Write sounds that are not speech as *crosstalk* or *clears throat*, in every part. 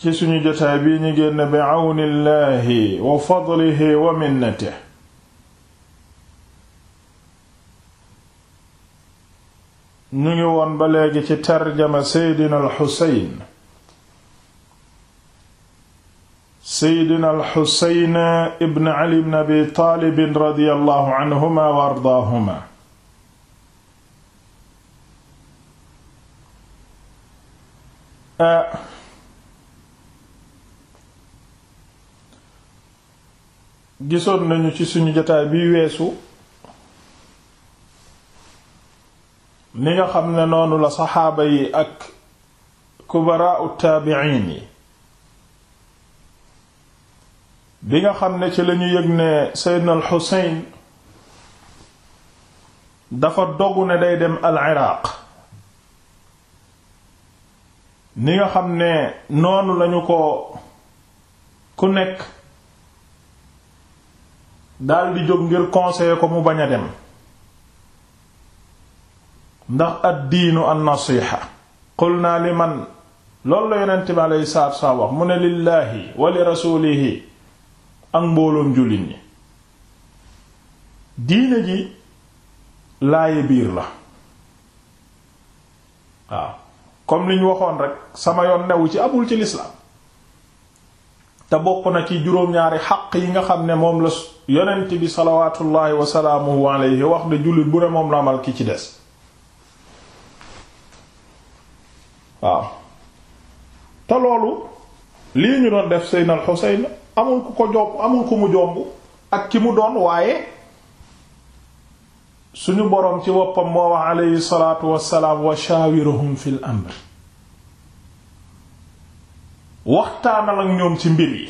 ci suñu jotaay bii ñu génn bi àwnillaahi wa fadlihi wa minnatihi ñu ngi woon ba léegi ci tarjama seydina alxuseyn seydina alxuseyn ibn ali ibn abi taalib radiyallahu anhuma wa ardaahuma ah. gisoon nañu ci suñu jotaay bi weesu ni nga xam ne noonu la saxaaba yi ak kubaraau taabiin yi bi nga xam ne ci lañu yëg ne seydna al dafa dogu ne day dem al iraaq ni nga xam ne noonu lañu ko ku nekk dal jóg ngir conseiller ko mu bañ a dem ndax at diinu an naa qulnaa man loolu la yonent bi alayhi salaatu wa wax mu ne lillaahi wa li rasuulihi ak mbooloom jullit ñi diine ji laaye biir la waaw comme li waxoon rek sama yoon newu ci abul ci lislaam te bokk na ci juróom-ñaari xaq yi nga xam ne moom la yonent bi salawaatullaahi wasalaamuhu alayhi wax de jullit bu ne moom la amal ki ci des waaw te loolu lii ñu doon def Seydina al Xuseyn amul ku ko jomb amul ku mu jomb ak ki mu doon waaye suñu boroom ci woppam moo wax alayhi salaatu wasalaam wa shaawiruhum fil amr waxtaanal ak ñoom ci mbir yi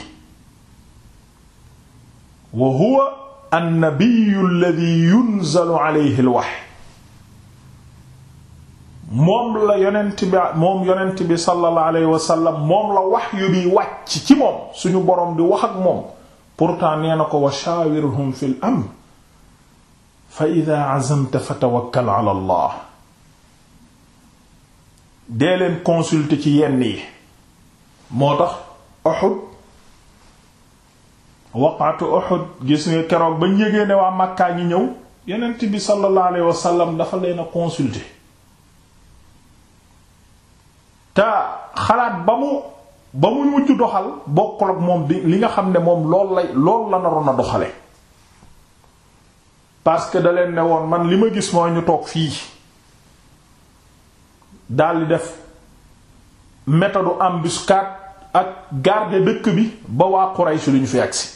wa huwa annabiyyu alladhi yunzalu alayhi alwahyi moom la yonent bi moom yonent bi sallallahu alayhi wa sallam moom la wahyu bi wàcc ci moom suñu boroom di wax ak moom pourtant nee na ko wa shawirhum fil amr fa idha azamta fatawakkal ala allah dee leen consulter ci yenn yi moo tax Uhud waqatu Uhud gis nga keroog bañ yégee ne waa Makka ñi ñëw yonent bi sallallahu alayhi wasallam dafa leen a consulter te xalaat ba mu ba mu mujj doxal bokkul ak moom bi li nga xam ne moom lool lay lool la naroon a doxale parce que da leen ne woon man li ma gis mooy ñu toog fii daldi def méthode embuscade ak garde dëkk bi ba waa Quraysh lu ñu fi agsi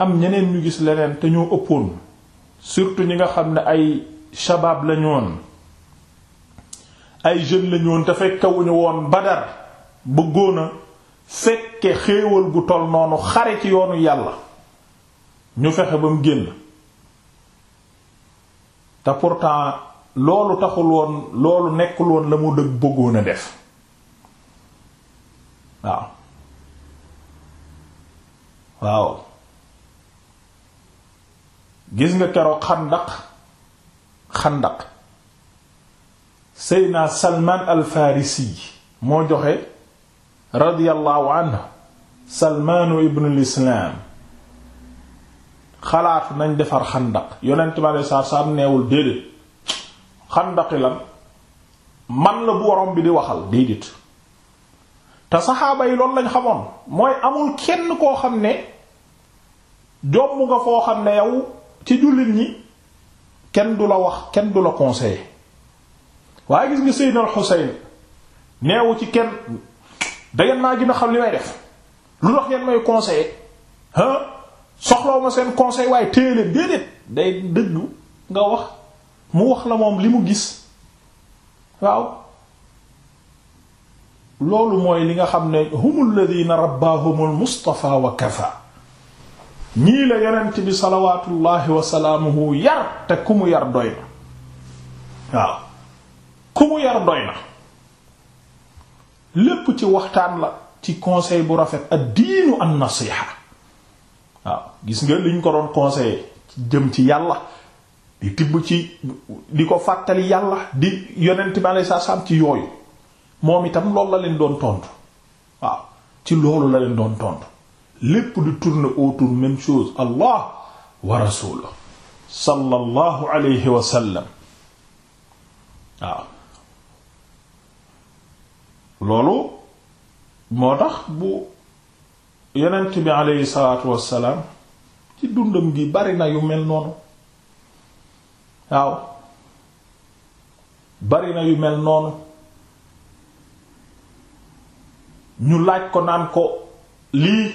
am ñeneen ñu gis leneen te ñoo ëppoon surtout ñi nga xam ne ay shabab la ay jeunes la ñoon te fekkewuñu woon Badar bëggoon a fekke xéewal bu toll noonu xare ci yoonu yàlla ñu fexe ba mu génn te pourtant loolu taxul loolu nekkul woon la mu dëgg bëggoon a def waaw waaw gis nga keroog xandaq xandaq seydna salmaan al farisi moo joxe radiyallahu anhu salmaanu ibnul islaam xalaat nañ defar xandaq yonent bi aleyhi salaatu neewul déedéet xandaqi lan man la bu waroom bi di waxal déedéet te saxaaba yi loolu lañ xamoon mooy amul kenn koo xam ne jomb nga foo xam ne yow ci jullit ñi kenn du la wax kenn du la conseiller waaye gis nga Seydina Al-Husayn neewu ci kenn dangeen maa gën a xam li may def lu tax ngeen may conseiller ah soxlaw ma seen conseil waaye téye leen déedéet day dëgg nga wax mu wax la moom li mu gis waaw loolu mooy li nga xam ne humul ladina rabbaahumul mustafa wa kafa ñii la yonent bi salawaatullahi wa salaamuhu yar te ku mu yar doy na waaw ku mu yar doy na lépp ci waxtaan la ci conseil bu rafet ad diinu an waaw gis nga liñ ko doon conseiller jëm ci yàlla di tibb ci di ko fàttali yàlla di yonent bi aleyhi salaatu salaam ci yooyu moom itam loolu la leen doon tontu waaw ci loolu la leen doon tontu lépp di tourner autour même chose allah wa rasuluhu sallallahu alayhi waaw loolu moo tax bu yonent bi aleyhi salaatu wassalaam ci dundam gi bari na yu mel noonu waaw bari na yu mel noonu ñu laaj ko naan ko lii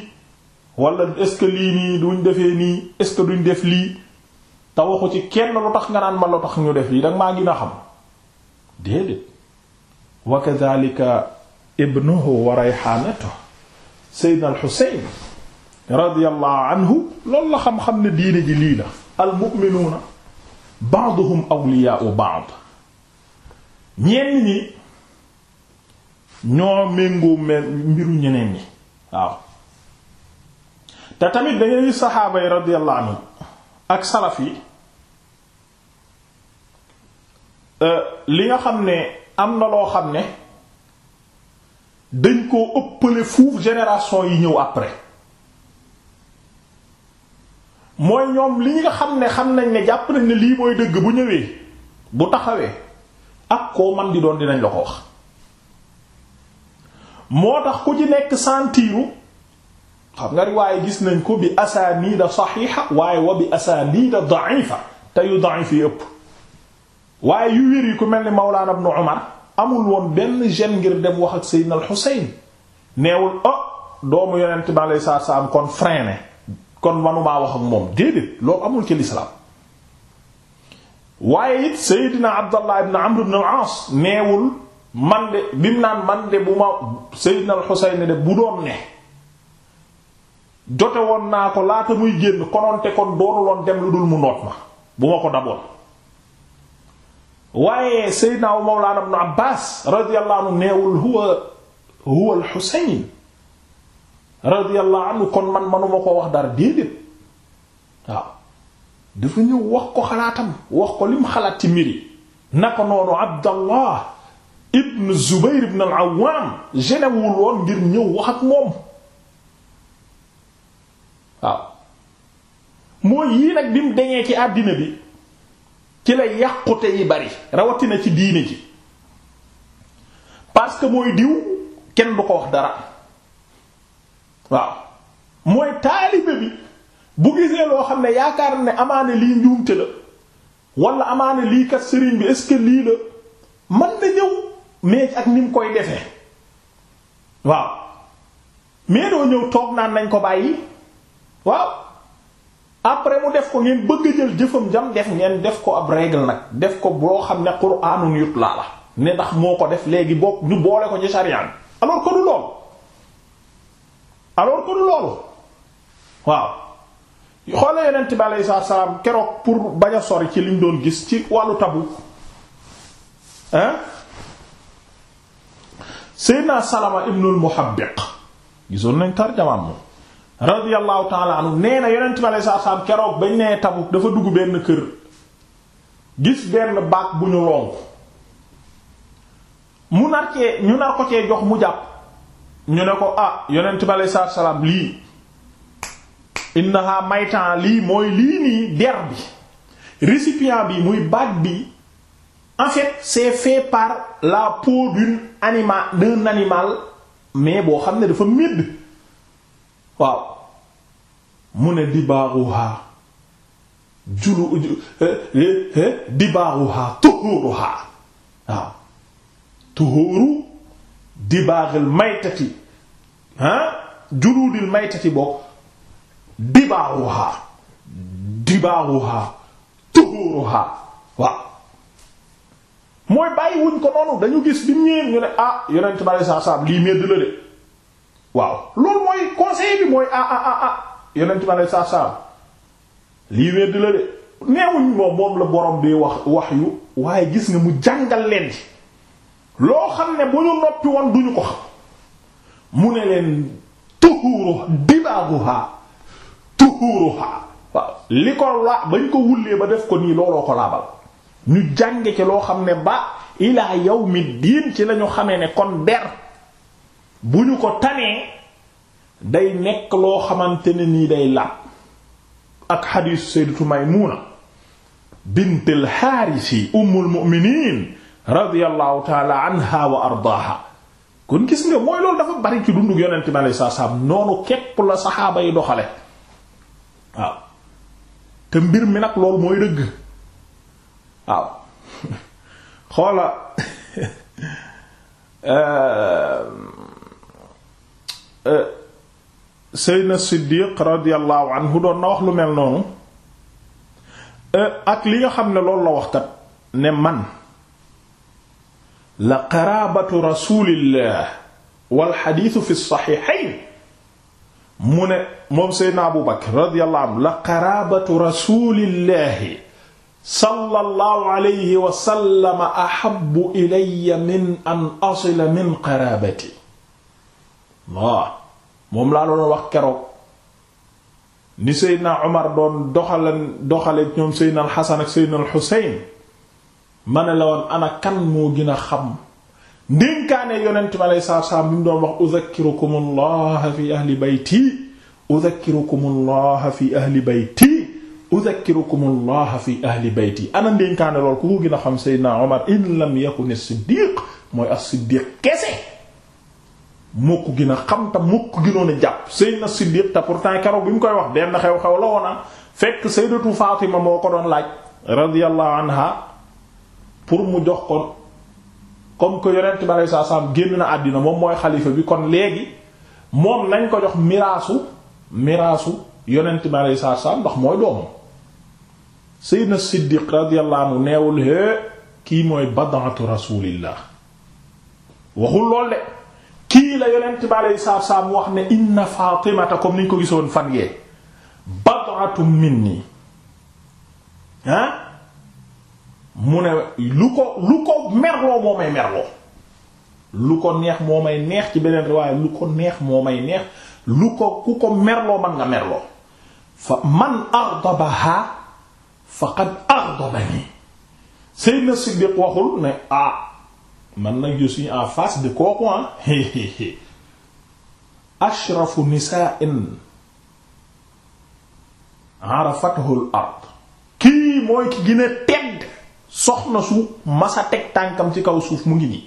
wala est-ce que lii nii duñ defee nii est-ce que duñ def lii te ci kenn lu tax nga naan ma lu tax ñu def lii danga maa gën a xam déedéet wa kadhalika ibnuhu wa rayhanatu sayyidna al-Husayn radiyallahu anhu la xam-xam ne diine ji lii la al ba'duhum awliyaa'u ba'd ñenn ñi ñoo méngoo mbiru ñeneen ñi waaw te tamit da saxaaba yi radiyallahu anhu ak salaf yi euh, li nga xam ne am na loo xam ne dañ koo ëppale fuuf génération yi ñëw après mooy ñoom li nga xam ne xam nañ ne jàpp nañ ne lii mooy dëgg bu ñëwee bu taxawee ak koo man di doon dinañ la ko wax moo tax ku ci nekk santiiru xam nga riwaaye gis nañ ko bi asaaniida saxiixa waaye wa bi asaaniida da'ifa te yu da'if yi ëpp waaye yu wér yi ku mel ni Mawlaana Ibn Umar amul woon benn gene ngir dem wax ak Seydina al Xuseyn neewul oh doomu yonent bi alayhi salaam kon freiné kon manumaa wax ak moom déedéet loolu amul ci lislaam waaye it Seydina Abdallah ibn Amr ibn al neewul man de bim naan man de bu ma Seydina al-Husayn bu doon ne jote woon naa ko laata muy génn kononte kon doonuloon dem lu dul mu noot ma bu ma ko daboon waaye Seydina Mawlana ibn Abbas radiyallahu anhu neewul huwa huwa al radiyallahu anhu kon man manuma ko wax dara déedéet waaw dafa ñëw wax ko xalaatam wax ko lim xalaat ci mbir yi naka noonu abdallah ibn zubayr ibn al-awwam genewul ngir ñëw wax moom waaw mooy yii nag bi mu deñee ci àddina bi ci la yàqute yi bari rawatina ci diine ji parce que mooy diw kenn du ko wax dara waaw mooy taalibe bi bu gisee loo xam ne yaakaar ne amaane lii njuumte la wala amaane lii kat sëriñ bi est lii la man na ñëw mais ak ni mu koy defee waaw mais doo ñëw toog naan nañ ko bàyyi waaw après mu def ko ngeen bëgg jël jëfam jam def ngeen def ko ab règle nag def ko boo xam ne qur'aanun yutla la ne ndax moo ko def léegi boo ñu boole ko ci sariyaan alors que du lool alors que du loolu waaw xoola yonent bi sa salaatu salaam keroog pour bañ a sori ci liñ doon gis ci wàllu Tabuk hein Seydina Salama ibnul Muhabbiq gisoon nañ tarjamaam moom radiyallahu taala anhu nee na yonent bi aleyhi salaatu salaam keroog bañ nee Tabuk dafa dugg benn kër gis benn baag bu ñu lonku mu nar cee ñu nar ko cee jox mu jàpp ñu ne ko ah yonent bi aleyhi salaam lii innaha maytan lii mooy lii nii der bi récipient bi muy baat bi en fait c'est fait par la peau animal d'un animal mais boo xam ne dafa médd waaw mu ne dibaaruha julu eh, eh, eh, dibaaruha tuhuruha waaw tuhuru dibaaxil maytati ah juluudil maytati bokk dibaaxuhaa dibaaxuhaa tuhóoruhaa waaw mooy bàyyi wuñ ko noonu dañu gis bi mu ñëwee ñu ne ah yonent bi aleyhi salaatu salaam lii medd la de waaw loolu mooy conseil bi mooy ah ah ah ah yonent bi aleyhi salaatu salaam lii medd la de neewuñ moom moom la borom bi wax wax yu waaye gis nga mu jàngal leen ci loo xam ne bu ñu noppi woon duñu ko xam mu ne leen tuhuuru dibaaguha tuhuuruha waaw li ko la bañ ko wullee ba def ko nii looloo ko laabal ñu jànge ci loo xam ne ba ilaa mi diin ci lañu xame ne kon ber bu ñu ko tanee day nekk loo xamante ne nii day laab ak xadiisu sayyidatu maymuna bintul xaarisi ummul mu'miniin radiyallahu taala wa ardaaha kon gis nga mooy loolu dafa bari ci dundug yonent bi alayhi salaam noonu képp la saxaaba yi doxale waaw te mbir mi nag loolu mooy dëgg waaw *laughs* xoola *laughs* eh, eh, Seydina Siddiq radiyallahu anhu doon na wax lu mel noonu eh, ak li nga xam ne loolu la waxkat ne man la qaraabatu rasulillah wal xadiisu fi saxiixayn mu ne moom Seydina Abu Bakr radiyallahu anhu la qaraabatu rasulillahi sallallahu alayhi wa sallam ahabbu ilayya min an asila min qaraabati waaw moom laa doon wax keroog ni Seydina Omar doon doxalan doxale ñoom Seydina al Xasan ak Seydina al Xuseyn ma ne la woon ana kan moo gën a xam ndénkaane yonent bi aleyhi salaatu salaam bi mu doon wax uzakkirukum allah fi ahli bayti uzakkirukum allah fi ahli bayti uzakkirukum allah fi ahli ana ndénkaane lool ku ko gën a xam seydina omar in lam yakun as-siddiq mooy as-siddiq kese moo ko gën a xam te moo ko gënoon a jàpp seydina siddiq te pourtant kero bi mu koy wax benn xew-xew la woona ah, fekk sayyidatu fatima moo ko doon laaj radiyallahu anha pour mu jox kon comme que yonent bi aleyhi salaatu génn na àddina moom mooy xalifa bi kon léegi moom nañ ko jox miraasu miraasu yonent bi aleyhi salaatu ndox ndax mooy doomam Seydina Siddiq radiyallahu anhu neewul hee kii mooy bad'atu rasulillah waxul lool de kii la yonent bi aleyhi salaatu salaam wax ne inna Faatimata comme niñ ko gisoon fan yee bad'atu minni ah mu ne lu ko lu ko merloo moo may merloo lu ko neex moo may neex ci beneen riwaay lu ko neex moo may neex lu ko ku ko merloo man nga merloo fa man ardabaha faqad ardabani sayyidna Siddiq waxul ne ah man nag je suis en face de kooku ah *laughs* ashrafu nisa'in arafathu al-ard kii mooy ki gën soxna su masa teg tànkam ci kaw suuf mu ngi nii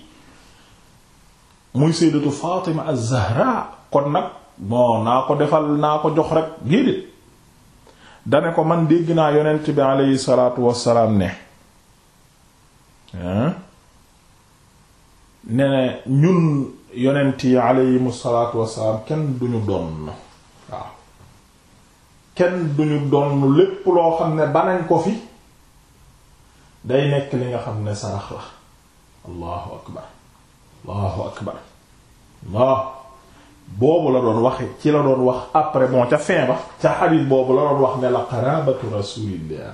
muy sayyidatu Fatima az-Zahra kon nag bon naa ko defal naa ko jox rek géedéet dane ko man dégg naa yonent bi aleyhi salaatu wassalaam ne ne ñun yonent yi aleyhimu salaatu wassalaam kenn duñu doon waaw kenn duñu doon lépp loo xam ne banañ ko fi day nekk li nga xam ne sarax la allahu akbar allahu akbar boobu la doon waxe ci la doon wax après ca fin ba ca xadis boobu la doon wax ne la qarabatu rasulillah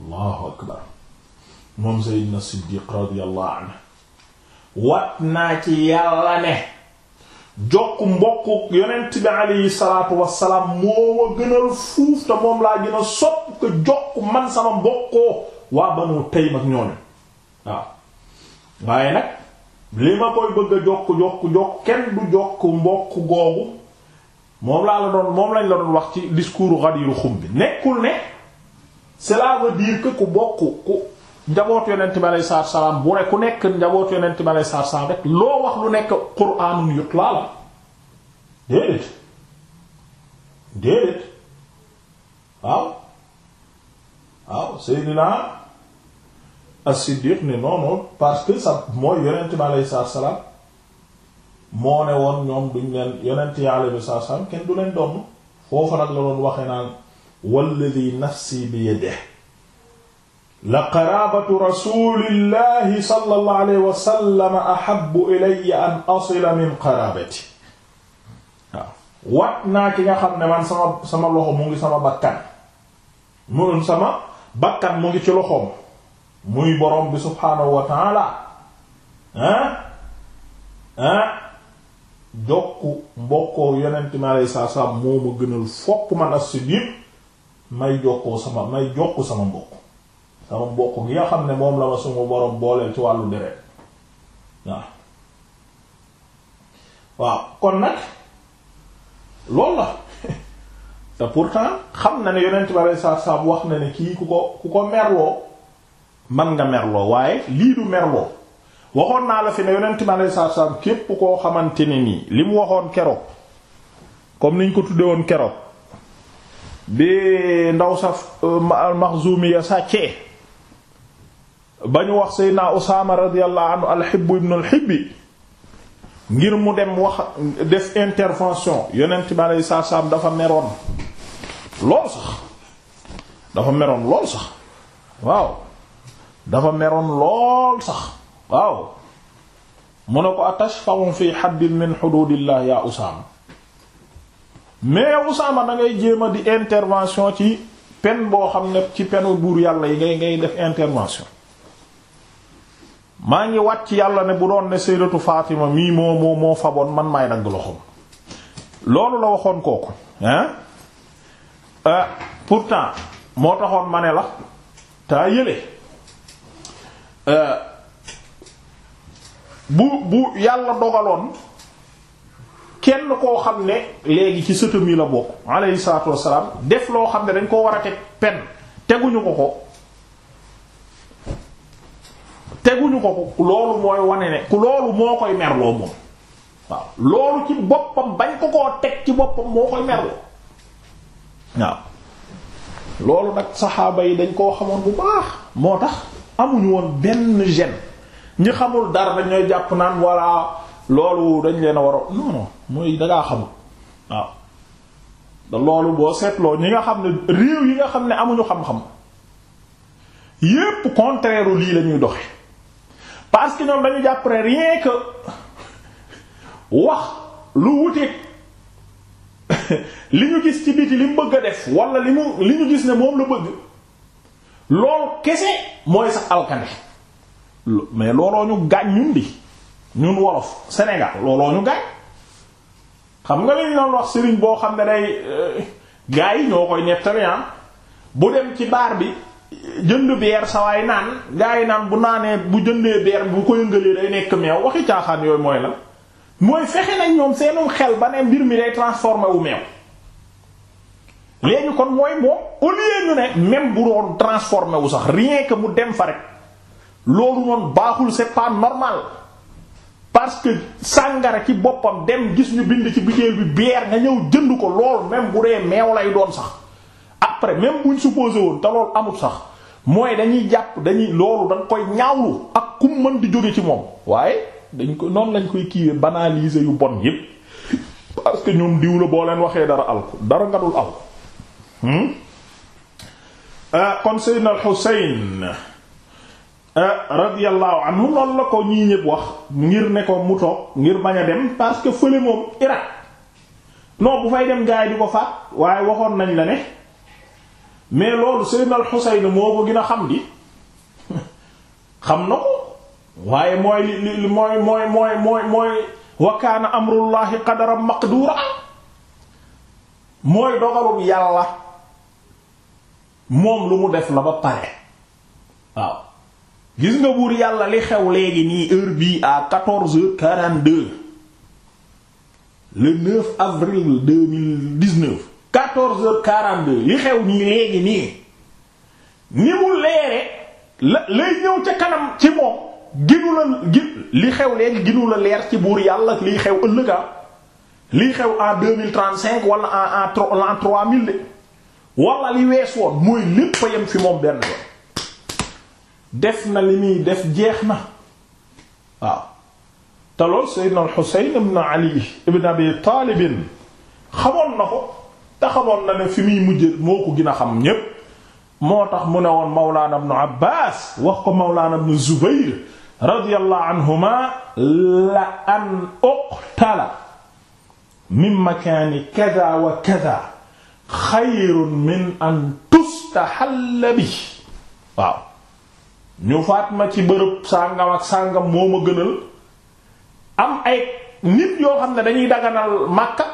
allahu akbar moom sayyidina siddiq radiyallahu anhu wat naa ci yàlla ne jokk mbokk yonent bi alayhi salaatu wassalaam moo ma gënal fuuf te moom laa gën a ko jokk man sama mbokkoo waa banu Taym ak ñooñu waaw waaye nag li ma koy bëgg a jokk kenn du jokk mbokk googu moom laa la doon moom lañ la doon wax ci discours Ghadir Khoum bi nekkul ne cela veut dire ku bokk ku njaboot yonent bi aleyhi salaam bu ne ku nekk njaboot yonent bi aleyhi salaam rek loo wax lu nekk qur'aanun yutlaa la déedéet déedéet waaw waaw Seydina as-Siddiq ne non parce que sa mooy yonent bi aleyhi moo ne woon ñoom duñ leen yonent yi aleyhi salaatu salaam kenn du leen doon foofu nag la doon waxee naan walladhi nafsi bi yadihi la qaraabatu rasulillahi sallallahu alayhi wa sallam ki nga xam ne man sama sama loxo mu ngi sama bakkan mu sama bakkan mu ngi ci loxoom muy borom bi subhaanahu wa taala ah ah jokku mbokkoo yonent mi aleyhi salaatu moo ma gënal fopp man as-Siddiq may jokkoo sama may jokku sama mbokk sama mbokk nga xam ne moom la ma suma borom booleel ci wàllu deret waaw waaw kon nag loolu la te pourtant xam na ne yonent bi alei saatu salaam wax na ne kii ku ko ku ko merloo man nga merloo waaye lii du merloo waxoon naa la fi ne yonent bi alei saatu salaam képp koo xamante ne nii li mu waxoon keroog comme niñ ko tuddee woon keroog bi ndaw sa al-Maxzumi ya sàccee ba ñu wax Seydina Usaama radiyallahu anhu al-Hibbu ibnu al-Hibbi ngir mu dem wax def intervention yonent bi alei saatu salaam dafa meroon lool sax dafa meroon lool sax waaw dafa meroon lool sax waaw mu ne ko atashfa'u fii haddin min hududillah ya Usaama mais Usaama da ngay jéem di intervention ci pen boo xam ne ci penu buur yàlla yi ngay ngay def intervention maa ngi wàcc yàlla ne bu doon ne sayyidatu Fatima mii moo moo faboon man maay dagg loxoom loolu la waxoon kooku hein Euh, pourtant moo taxoon ma ne la taa yële euh, bu bu yàlla dogaloon kenn koo xam ne léegi ci sëtam yi la bokk alayhi salaatu wassalaam def loo xam ne dañ koo war a teg pen teguñu ko ko teguñu ko ko loolu mooy wane ne ku loolu moo koy merloo moom waaw loolu ci boppam bañ ko koo teg ci boppam moo koy merloo waaw loolu nag saxaaba yi dañ koo xamoon bu baax moo tax amuñu woon benn gêne ñi xamul dara dañ ñooy jàpp naan walla loolu dañ leen a war a non non mooy dangaa xamul waaw loolu boo seetloo ñi nga xam ne réew yi nga xam ne amuñu xam-xam yépp contraire lii la doxe parce que ñoom dañu jàpp rien que wax lu wuteeg *laughs* li ñu gis ci biti li mu bëgg a def wala li mu li ñu gis ne moom la bëgg lool kese mooy sax alkande mais looloo ñu gaañ ñun bi ñun wolof Sénégal looloo ñu gaañ xam nga li ñu doon wax sëriñ boo xam ne day euh, gaa yi ñoo koy nettali ah, bu dem ci baar bi jënd beer sawaay naan gaa yi naan bu naanee bu jëndee beer bu ko yëngalee day nekk meew waxi caaxaan yooyu mooy la mooy fexe nañ ñoom seenum xel ba ne mbir mi day transformé wu meew léegi kon mooy moom au lieu ne même bu doon transformé wu sax rien que mu dem fa rek loolu noonu baaxul c'est pas normal parce que sàngara ci boppam dem gis ñu bind ci bideel bi bière nga ñëw jënd ko lool même bu dee meew lay doon sax après même buñ supposé woon te loolu amul sax mooy dañuy jàpp dañuy loolu dañ koy ñaawlu ak kum mën di jóge ci moom waaye dañ ko noon lañ koy kiiwee banaliser yu bon yépp parce que ñoom diw la boo leen waxee dara alku dara nga dul alku hmm? ah, kon Seydina al-Husayn ah, radiyallahu anhu noonu la ko ñii ñépp wax ngir ne ko mu toog ngir bañ a dem parce que fële moom Irak non bu fay dem gaay di ko faat waaye waxoon nañ la ne mais loolu Seydina al-Husayn moo ko gën a xam di *laughs* xam na ko waaye mooy li li mooy mooy mooy mooy mooy wa amrullahi qadaran maqdura mooy dogalum yàlla moom lu mu def la ba pare waaw gis nga buur yàlla li xew léegi nii heure bii à quatorze li xew nii léegi nii ni mu leere la lay ñëw ca kanam ci moom ginu la li xew léegi ginu la leer ci buur yàlla liy xew ëllëga ah. liy xew en deux mille trente cinq wala en en mille de wala li wees woon mooy lépp a yem fi moom benn yoon def na li muy def jeex na waaw te lool Seydina al-Husayn ibn Ali ibn Abi Talib xamoon na ko te xamoon na ne fi muy mujj moo ko gën a xam ñépp moo tax mu ne woon Mawlana ibn Abbas wax ko Mawlana ibn Zubayr radiyallahu anhuma la an uqtala min makaani kada wa kada xayrun min an tustahalla bi waaw ñu faat ma ci bërëb sàngam ak sàngam moo ma gënal am ay nit yoo xam ne dañuy daganal Makka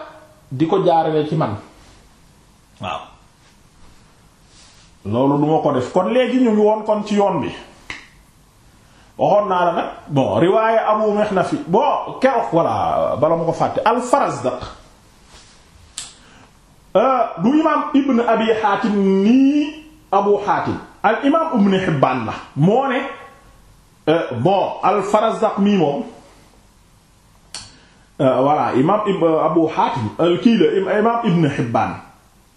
di ko jaarale ci man waaw loolu duma ko def kon léegi ñu ngi kon ci yoon bi waxoon naa la nag bon riwaaye Abu bala ma ko fàtte al-Farazdaq euh, du imaam Ibn Abi Xaatim nii Abu Xaatim al imaam Ibn Hibbaan la moo ne euh, al-Farazdaq mii moom euh, voilà imaam Ibn Hibbaan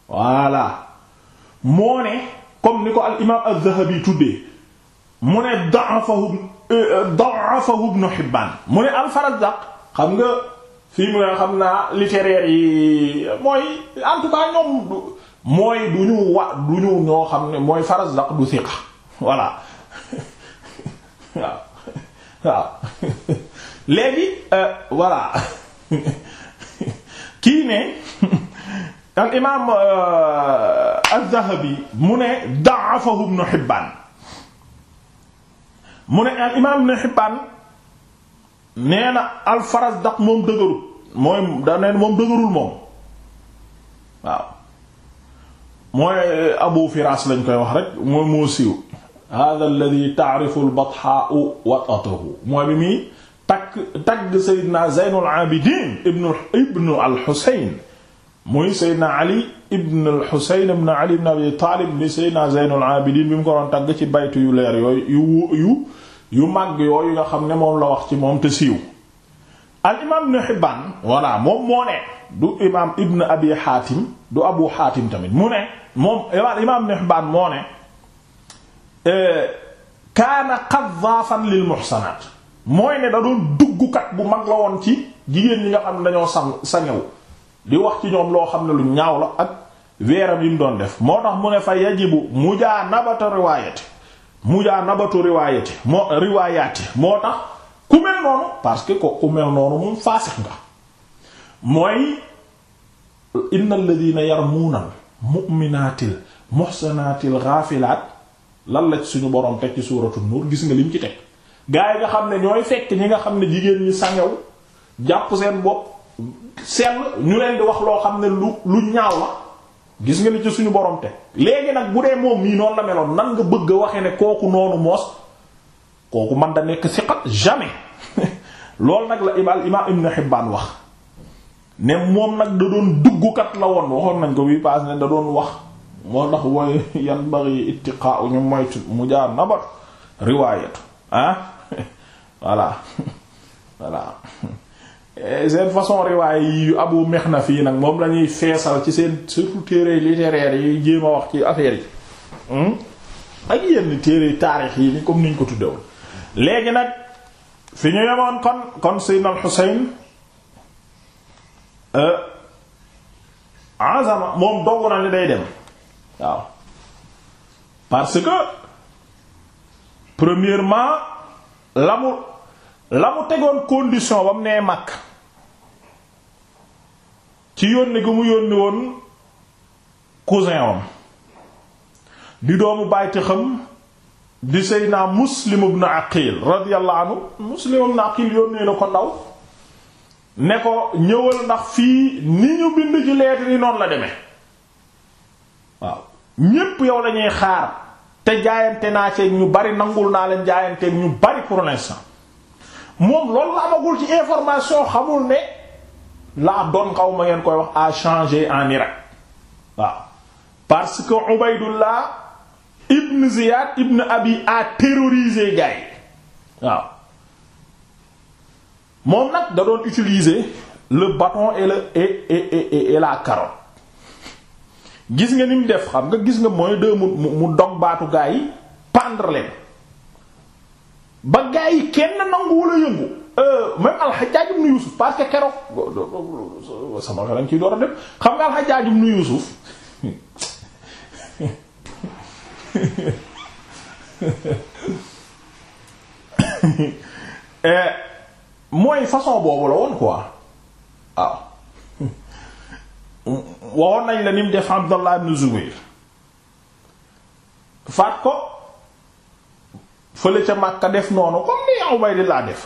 voilà moo ne comme ni ko al imaam az-Zahabi tuddee mu ne da'afahu da'afahu ibn Hibban mu ne al-Farazdaq xam nga fii mu ne xam naa littéraire yi mooy en tout cas ñoom mooy du ñu wa du ñu ñoo xam ne mooy Farazdaq du siqa voilà *laughs* waaw waaw *laughs* léegi euh, voilà *laughs* kii ne al imaam euh, az-Zahabi mu ne da'afahu ibn Hibban mu ne al imaam Ibn Hibbaan nee na al Farazdaq moom dëgërul mooy da neen moom dëgërul moom waaw mooy eh, Abu Firaas lañ koy wax rek mooy moo siiw hada alladhi ta'rifu al-bathaa'u wat'atahu mooy bi muy takk tagg Seydina Zaynul Aabidiin ibnu ibnu al-Husayn muy Seydina Ali ibn al-Husayn Ali ibn Abi Taalib bi Seydina Zeynul Abidin bi mu ko doon tagg ci baytu yu leer yooyu yu yu màgg yooyu nga xam ne moom la wax ci moom te siiw al Hibbaan voilà moom moo ne du imaam Ibn Abi Haatim du Abu Haatim tamit mu ne moom imaam Ibn Hibbaan moo ne eh, kaana qaddaafan lil muhsanaat mooy ne da doon duggkat bu mag la woon ci jigéen ñi nga xam ne dañoo sang di wax ci ñoom loo xam ne lu ñaaw la ak weeram yi mu doon def moo tax mu ne fa yajibu mujaanabatu riwaayati mujaanabatu riwaayati moo tax ku mel noonu parce que ko ku mel noonu moom faasix nga mooy innal ladina yarmuunal mu'minaatil muhsanaatil gaafilaat lan la suñu borom teg ci suuratu nuur gis nga lim ci teg gaa nga xam ne ñooy fekk ñi nga xam ne jigéen ñi sangew jàpp seen bopp sell ñu leen di wax loo xam ne lu lu ñaaw la gis nga li ci suñu borom te léegi nag bu dee moom mii noonu la meloon nan nga bëgg a waxe ne kooku noonu moos kooku man da nekk siqa jamais *laughs* loolu nag la al imam Ibn Hibbaan wax ne moom nag da doon duggukat la woon waxoon nañ ko bii paas ne da doon wax moo tax wooy yan bari ittiqaa'u ñu moytu mu jaar nabat riwaayatu ah *laughs* voilà *laughs* voilà Eh, seen façon riwaay yi Abu Mixnaf fii nag moom lañuy ñuy feesal ci seen surtout téere littéraire yi jéem wax ci affaire yi hmm? ak yenn téere taarix yi comme niñ ko tuddewoon léegi nag fi ñu yemoon kon kon Seydina al-Husayn eh, azama moom dogg na ni day dem waaw parce que premièrement l'amour la mu tegoon condition ba mu nee Makka ci yónni gu mu yónni woon cousin wam di doomu bàyti xam di Seydina Muslim ibn Aqil radiyallahu anhu Muslim ibn Aqil yónnee na ko ndaw ne ko ñëwal ndax fii ni ñu bind ci lettre yi noonu la demee waaw ñépp yow lañuy xaar te jaayante naa ci ñu bari nangul naa leen jaayanteeg ñu bari pour l'instant moom loolu la amagul ci information xamul ne laa doon xaw ma ngeen koy wax a changé en Irak waaw parce que Ubaydullah ibn Ziyad ibn Abi a terrorisé gars yi waaw moom nag da doon utiliser le bâton et le et et et la carotte gis nga ni mu def xam nga gis nga mooy deux mu mu dog baatu gars yi pendre ba gaa yi kenn nanguwul a yëngu euh, même al-Hajjaj ibn Yusuf parce que keroog sama xelam ciy door a dem xam nga al-Hajjaj ibn *laughs* euh, mooy façon boobu la woon quoi waaw ah. waxoon nañ la ni mu def Abdallah ibn Zubayr faat ko fële ca Makka def noonu comme ni Ubaydillah def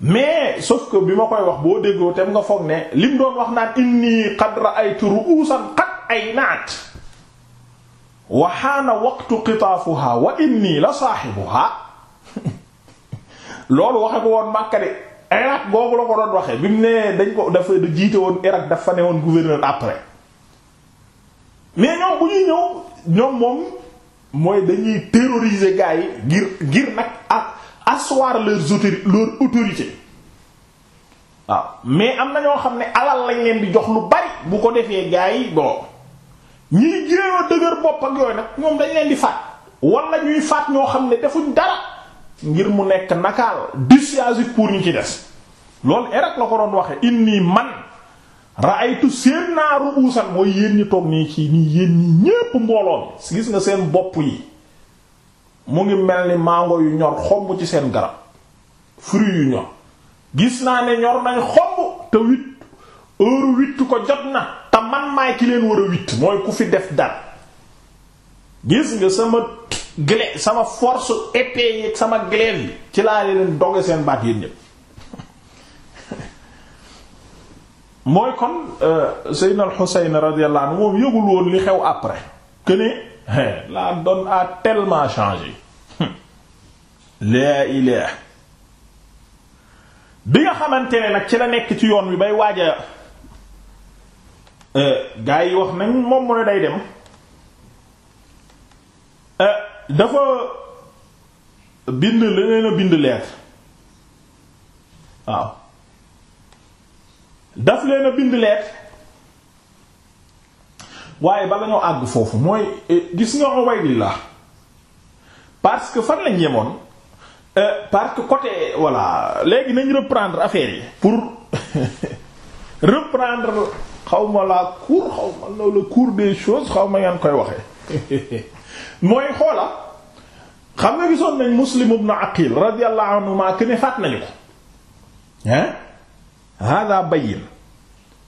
mais sauf que bi ma koy wax boo déggoo tem nga foog ne lim doon wax naan inni qad ra'aytu ru'usan ay aynat wa haana waqtu qitaafuha wa inni la saahibuha *laughs* loolu waxe woon Makka de Irak waxee bi mu ne dañ ko dafa jiite woon Irak dafa ne woon gouverneur après mais ñoom bu ñuy ñëw ñoom moom mooy dañuy terroriser gars yi ngir ngir nag ak asseoir leurs autori leur autorité waaw mais am na ñoo xam ne alal lañ leen di jox lu bari bu ko defee gars yi bon ñiy jéem dëgër bopp ak yooyu nag moom dañ leen di faat wala ñuy faat ñoo xam ne defuñ dara ngir mu nekk nakaal dissuasif pour ñu ci des loolu erek la ko doon waxe inni man raaytu seen naa ruusan mooy yéen toog nii ci nii yéen ñi ñépp mbooloon gis nga seen bopp yi mu ngi mel ni mango yu ñor xomb ci seen garab fruit yu ñor gis naa ne ñor nañ xomb te witt witt ko jot na te man maay leen war a witt mooy ku fi def dara gis nga sama glaive sama force épée yi sama glaive bi ci laa leen doge seen baat yéen ñépp mooy kon euh, Seydina al-Husayn radiyallahu anhu moom yëgul woon li xew après que ne la donne a tellement laa ilaah bi nga xamante ne nag ci la nekk ci yoon wi bay waaja euh, gaa yi wax nañ moom mu ne day dem euh, dafa bind leneen a bind lettre waaw daf leen a bind lettre waaye bala ñoo àgg foofu mooy eh, gis nga la parce que fan lañ yemoon eh, parce que côté voilà léegi nañ reprendre affaire yi pour *laughs* reprendre xaw ma la cour xaw ma la cour des choses xaw ma ngeen koy waxee *laughs* mooy xoola xam nga gisoon nañ Muslim ibn Aqil radiyallahu anhu ma que ne faat nañu ko hein hada bayin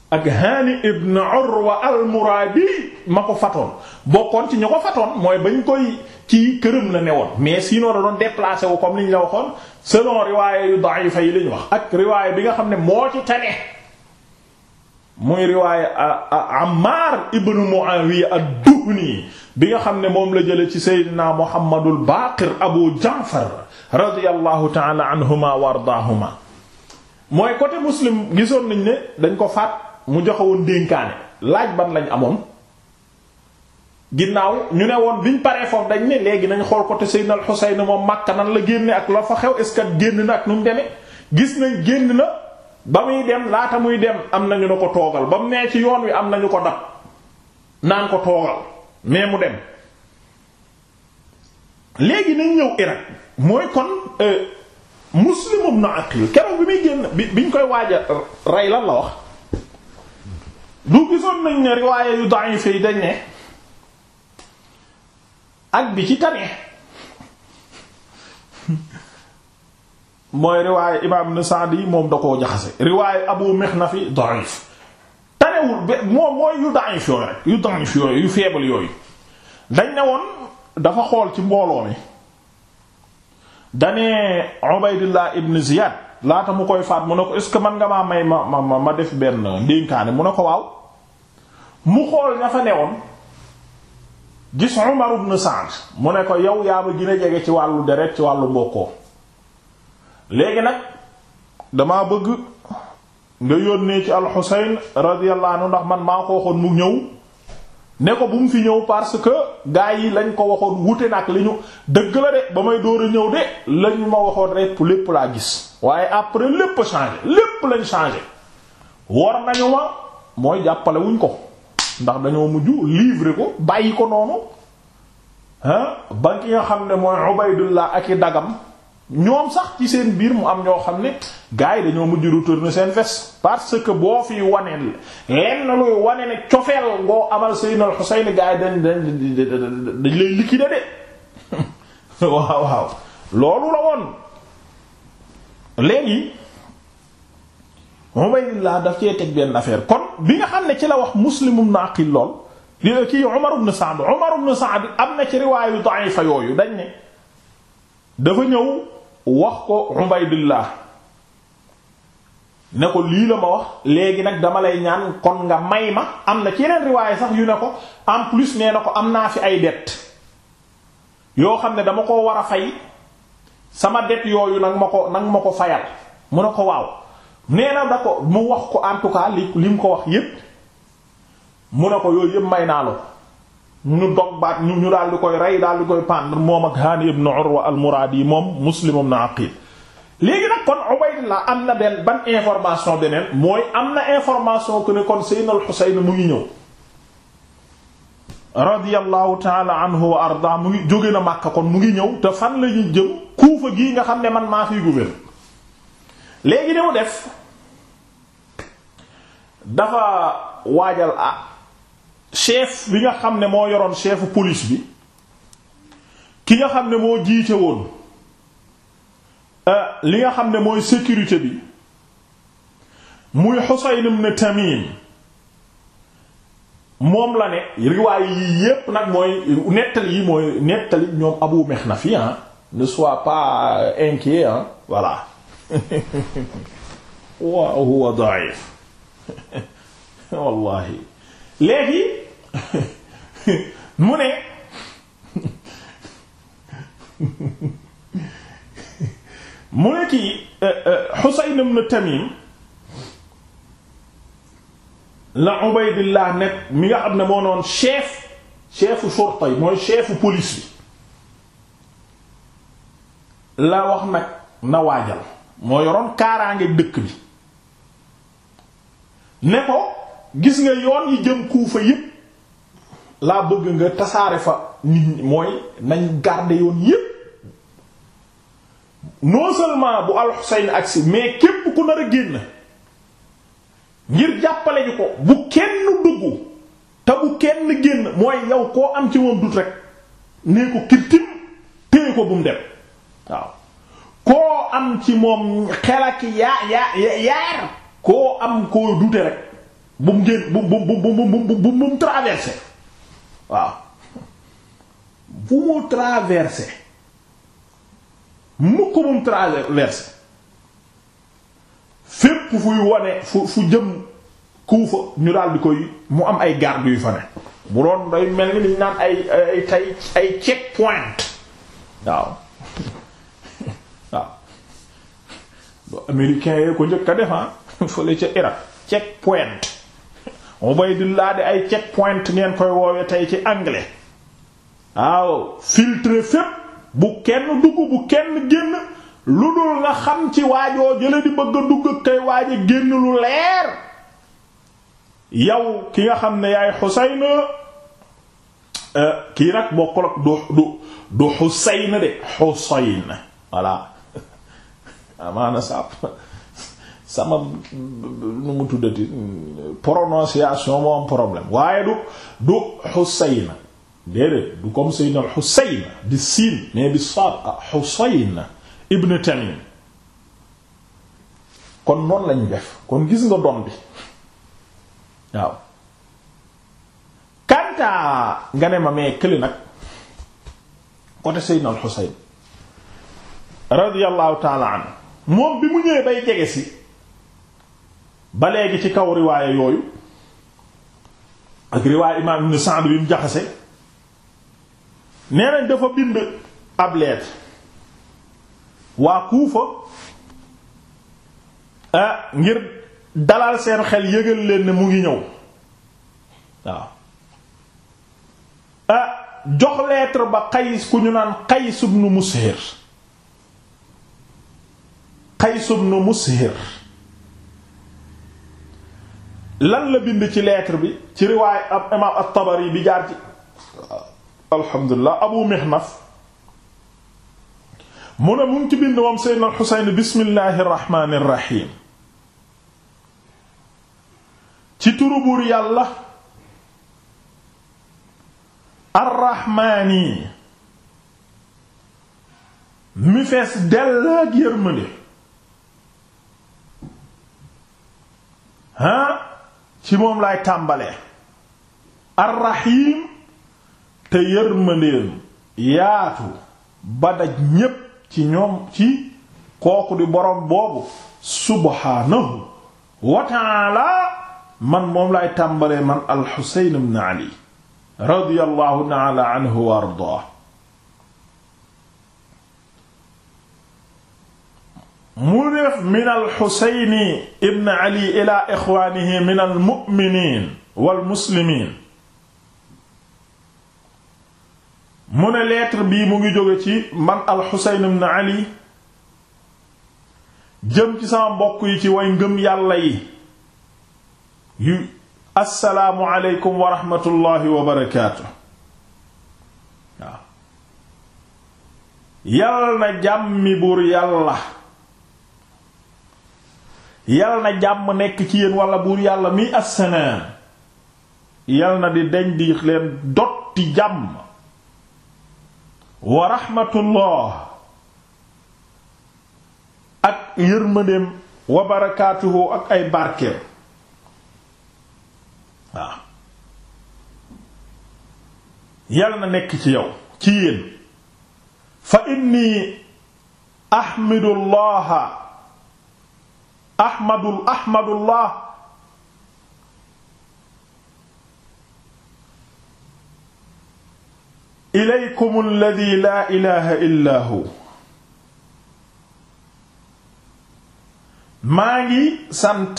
ak hani ibn urwa al-muradi ma ko fatoon bokkoon ci ñu ko fatoon mooy bañ koy ci këram la newoon mais sinon da doon déplacé wu comme niñ la waxoon selon riwaaye yu da'ifa yi lañ wax ak riwaaye bi nga xam ne moo ci tane bi nga xam ne moom la jële ci Seydina Muhammadul Baqir Abu Ja'far radiyallahu ta'ala anhuma wa ardaahuma mooy côté muslim gisoon nañ ne dañ ko faat mu joxe woon dénkaane laaj ban lañ amoon ginnaaw ñu ne woon biñ paree foofu dañ ne léegi nañ xool côté Seydina al-Husayn moom Makka nan la génne ak la fa xew est-ce génn na ak nu mu demee gis nañ génn na ba muy dem laata muy dem am nañu ne ko toogal ba mu nee ci yoon wi am nañu ko dab naan ko toogal mais mu dem léegi nañ ñëw Irak mooy kon. Euh, Muslim ibn Aqil keroog bi muy génn bi biñ koy waaja rey lan la wax du gisoon nañ ne riwaaya yu da'if yi dañ ne ak bi ci tane mooy riwaaya imaam ibn Sa'd yi moom da koo jaxase riwaaya Abu Mikhnaf yi da'if tanewul ba moom mooy yu da'if yooyu rek yu da'if yooyu yu faible yooyu dañ ne woon dafa xool ci mbooloo mi dane Ubaydullah ibn Ziyad laata mu koy faat mu ne ko est ce que man nga may ma ma ma def benn ndénkaane mu ne ko waaw mu xool ña fa newoon gis Umar ibn Sa'd mu ne ko yow yaa ba gën jege ci wàllu deret ci wàllu mbokkoo léegi nag dama bëgg nga yónnee ci al Husayn radiyallahu anhu ndax man maa ko waxoon mu ñëw ne ko bu mu fi ñëw parce que gaa yi lañ ko waxoon wute nag li ñu dëgg la de ba may dóor a ñëw de lañ ma waxoon rek lépp laa gis waaye après lépp changé lépp lañ changé war nañu ma mooy jàppale wuñ ko ndax dañoo mujj livrer ko bàyyi ko noonu ah ba ki nga xam ne mooy Ubaydullah ak i daggam ñoom sax ci seen biir mu am ñoo xam ne gars yi dañoo mujj retourner seen fes parce que boo fii wanee lenn luy wane ne cofeel ngoo amal Sayyidina al-Husayn gars yi dañ dañ dañ *laughs* loolu la woon léegi Ubaydillah daf cee teg benn affaire kon bi nga xam ci la wax Muslim kii Umar ibn Sa'd Umar ibn Sa'd am na ci riwaayu da'ifa yooyu dañ ne dafa ñëw wax ko Ubaydillah ne ko lii la ma wax léegi nag dama lay ñaan kon nga may ma am na ci yeneen riwaaye sax yu ne ko en plus nee na ko am naa fi ay dette yoo xam ne dama ko war a fay sama dette yooyu nag ma ko nag ma ko fayal mu ne ko waaw nee na da ko mu wax ko en tout cas li lim ko wax yépp mu ne ko yooyu yépp may naa loo ñu dog baat ñu ñu daal di koy rey daal di koy pendre moom ak Hani ibn Urwa al moom Muslim ibn Aqil léegi nag kon Ubaydillah am na benn ban information beneen mooy am na information que ne kon Seydina al mu ngi ñëw radiyallahu taala anhu wa arda mu ngi jóge na Makka kon mu ngi ñëw te fan la jëm Kuufa gii nga xam ne man maa fiy gouverne léegi ne mu def dafa waajal ah chef bi nga xam ne moo yoroon chefu police bi ki nga xam ne moo jiite woon euh, li nga xam ne mooy sécurité bi muy Husayn ibn Tamim moom la ne riwaay yi yépp nag mooy nettali yi mooy nettali ñoom Abu Mixnaf yi ah ne sois pas euh, inquiet ah voilà *laughs* huwa da'if *laughs* wallahi léegi mu ne mu ne kii euh, euh, Husayn ibn Tamim la Ubaydillah nekk mi nga xam ne moo noon chef chefu shorta yi mooy chefu police bi la wax nag na waajal moo yoroon kaaraange dëkk bi ne ko gis nga yoon yi jëm Kuufa yépp laa bëgg nga tasaare fa nit mooy nañ garder yoon yépp non seulement bu alxuseyn agsi mais képp ku nar a génn ngir jàppale ñu ko bu kenn dugg te bu kenn génn mooy yow koo am ci moom dut rek nee ko kirtim téye ko bu mu dem waaw koo am ci moom xel ak yaa yaa koo am koo dute rek bu mu génn bu bu bu bu bu mu traversé waaw bu mu traversé mukk bu mu traversé fépp fuy wane fu fu jëm Kuufa ñu daal di koy mu am ay garde yu fa ne bu doon day mel ni liñ naan ay ay tay ay check point waaw *laughs* waaw américain yee ko njëkk a def ah. *laughs* fële ca Irak check point Ubaydullah di ay check point ngeen koy woowe tey ci anglais waaw filtre fépp bu kenn dugg bu kenn génn lu dul nga xam ci waajoo jële di bëgg a dugg kay waaje génn lu leer yow ki nga xam ne yaay Xusayn euh, kii nag bokkul ak du du du Xusayn de Xusayn voilà *laughs* amaana sàpp sama nu mu tuddati prononciation moo am problème waaye du du Xusayna déedéet du comme Seydina Xusayn di siin mais bi saad ah Xusayn ibn Tamim kon noonu lañu def kon gis nga doom bi waaw kantaa nga ne ma mee këli nag côté Seydina Xusayn radiyallahu taala anhu moom bi mu ñëwee bay jege si ba léegi ci kaw riwaaya yooyu ak riwaaya imaam ibn Sa'd bi mu jaxase nee nañ dafa bind ab lettre waa Kuufa ah ngir dalal seen xel yëgal leen ne mu ngi ñëw waaw ah jox lettre ba Qays ku ñu naan Qays ibn Mushir Qays ibn Mushir lan la bind ci lettre bi ci riwaay ab imaam at-Tabari bi jaar ci alhamdulilah Abu Mihnaf mu ne mu ci bind moom Seydina al-Husayn bismillahi irrahmani irrahim mi fees dell ak yërmande ci moom laay tàmbalee arrahim te yërmandeem yaatu ba daj ñépp ci ñoom ci kooku di boroom boobu subhaanahu wa taala man moom laay tàmbalee man alxusayn ibn ali radiyallahu taala anhu wa ardaa mu def min alxuseyni ibn ali ila ixwaanihi min almuminin walmuslimin mu ne lettre bii mu ngi jóge ci man alxuseyn ibn ali jëm ci sama mbokk yi ci way ngëm yàlla yi yu aleykum wa raxmatullahi wa barakaatu waaw yàlla na jàmmi buur yàlla yal na jàmm nekk ci yéen wala buur yàlla mi assanaan yal na di deñ di leen dotti jàmm wa rahmatullah ak yërmandeem wa barakaatuhu ak ay barkeel waaw yal na nekk ci yow ci yéen fa inni ahmidullaha ahmadul ahmadullah ilaykum alladi laa ilaha illa hu maa ngi sant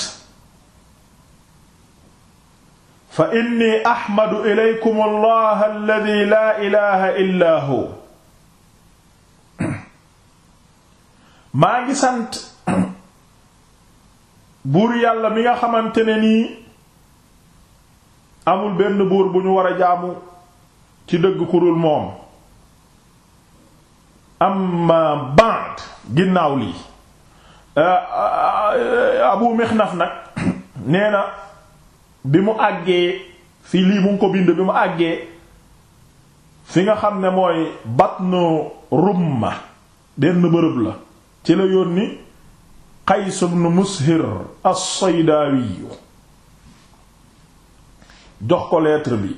fa inni ahmadu ilaykum allah alladi laa ilaha illa hu maa ngi sant buur yàlla mi nga xamante ne nii amul benn buur bu ñu war a jaamu ci dëgg kurul moom amma ba'd ginnaaw lii euh, euh, abu mixnaf nag *coughs* nee na bi mu àggee fi lii mu ngi ko bind bi mu àggee fi nga xam ne mooy batnu rumma benn bërëb la ci la yónni qays bnu mushir as-saydaawi jox ko lettre bi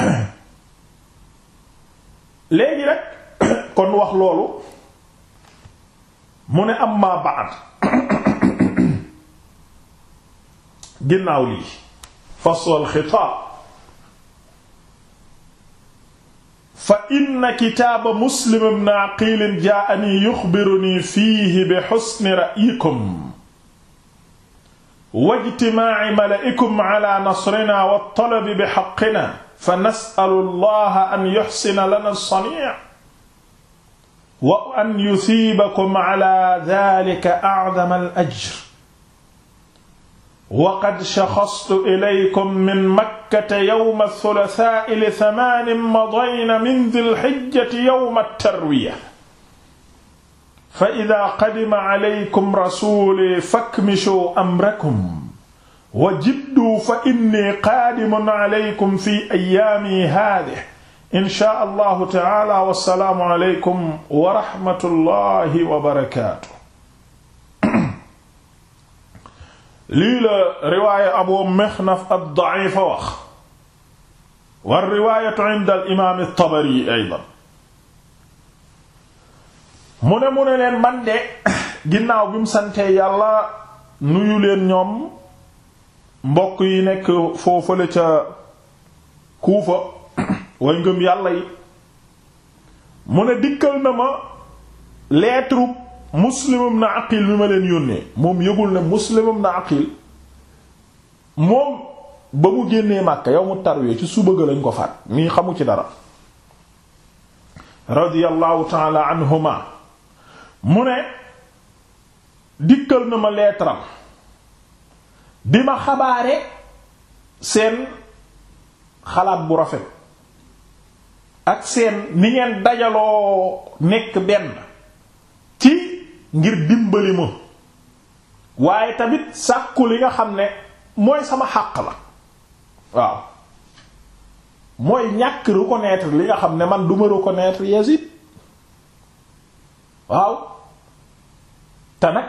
*coughs* léegi rek *coughs* kon wax loolu mu ne amma ba'd *coughs* ginnaaw lii fasl al xitaab fa inna kitaaba muslim ibn aqiil jaa'anii yuxbirunii fiihi bi xusni ra'yikum wa ijtimaa'i mala'ikum alaa nasrinaa wa talabi bi xaqqinaa fa nas'alu llaaha an yuxsina lanaa sanii' wa an yusiibakum alaa zaalika a'zama al-ajr waqad shaxastu ilaykum min makkata yawma thulathaa'i li thamaanin madayna min dhil hijjati yawma tarwiya fa idhaa qadima alaykum rasuulii fakmishuu amrakum wa jibduu fa innii qaadimun alaykum fi ayyaamii haadhihi inshaa allahu ta'aalaa wa salaamu alaykum wa rahmatullaahi wa barakaatuh lii la riwaaya abu mixnaf ad-da'ifa wax wa riwaayatu inda al-imaam at-tabari aydan mu ne mu ne leen man de ginnaaw bi mu santee yàlla nuyu leen ñoom mbokk yi nekk foofale ca kuufa way ngëm yàlla yi mu ne dikkal na ma lettre muslimum na aqil bi ma leen yónnee moom yëgul ne muslimum na aqil moom ba mu génnee Makka yow mu tarwee ci suba ga lañ ko faat mii xamu ci dara radiyallahu taala anhuma mu ne dikkal na ma leetaram bi ma xabaare seen xalaat bu rafet ak seen ni ngeen dajaloo nekk benn ngir dimbali ma waaye tamit sàkku li nga xam ne mooy sama xàq la waaw mooy ñàkk reconnaître li nga xam ne man duma reconnaître Yazid waaw te nag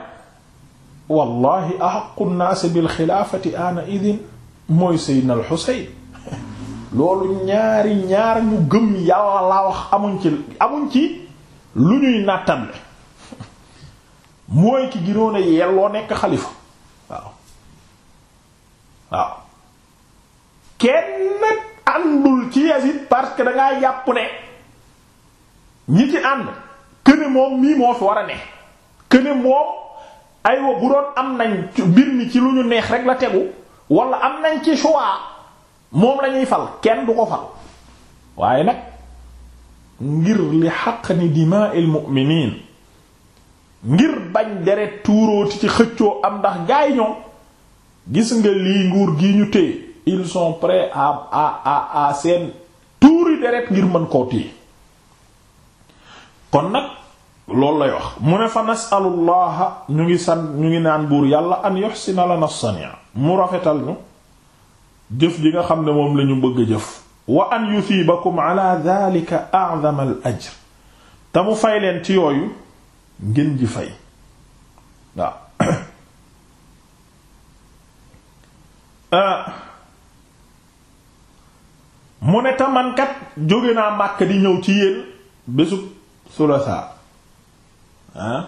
wallahi axaqu nnaasi bilxilaafati ana idin mooy seydna al *laughs* loolu ñaari ñaar ñu gëm yàlla laa wax amuñ ci amuñ ci lu ñuy nàttamle mooy ki ginoon a yelloo nekk xalifa waaw waaw kenn àndul ci Yazid parce que dangaa jàpp ne ñi ci ànd këne moom mii moo fi war a ne këne moom aywa bu doon am nañ mbir mi ci lu ñu neex rek la tegu wala am nañ ci choix moom lañuy fal kenn du ko fal waaye nag ngir li xaq ni dimaa mu'miniin ngir bañ deret tuurooti ci xëccoo am ndax gaay ñoom gis nga lii nguur gi ñu téye il sont prêts à à à seen tuuri deret ngir mën koo téye kon nag loolu lay wax mu ne fa nasalullaha ñu ngi san ñu ngi naan buur yàlla an yuhsina lana sania mu rafetal ñu jëf ji nga xam ne moom lañu bëgg a jëf wa an yusibakum ala dhalika a'zama al ajr te mu fay leen ci yooyu ngeen ji fay waaw *coughs* ah. mu ne tamankat jóge naa Màkka di ñëw ci yéen bésub sulasa ah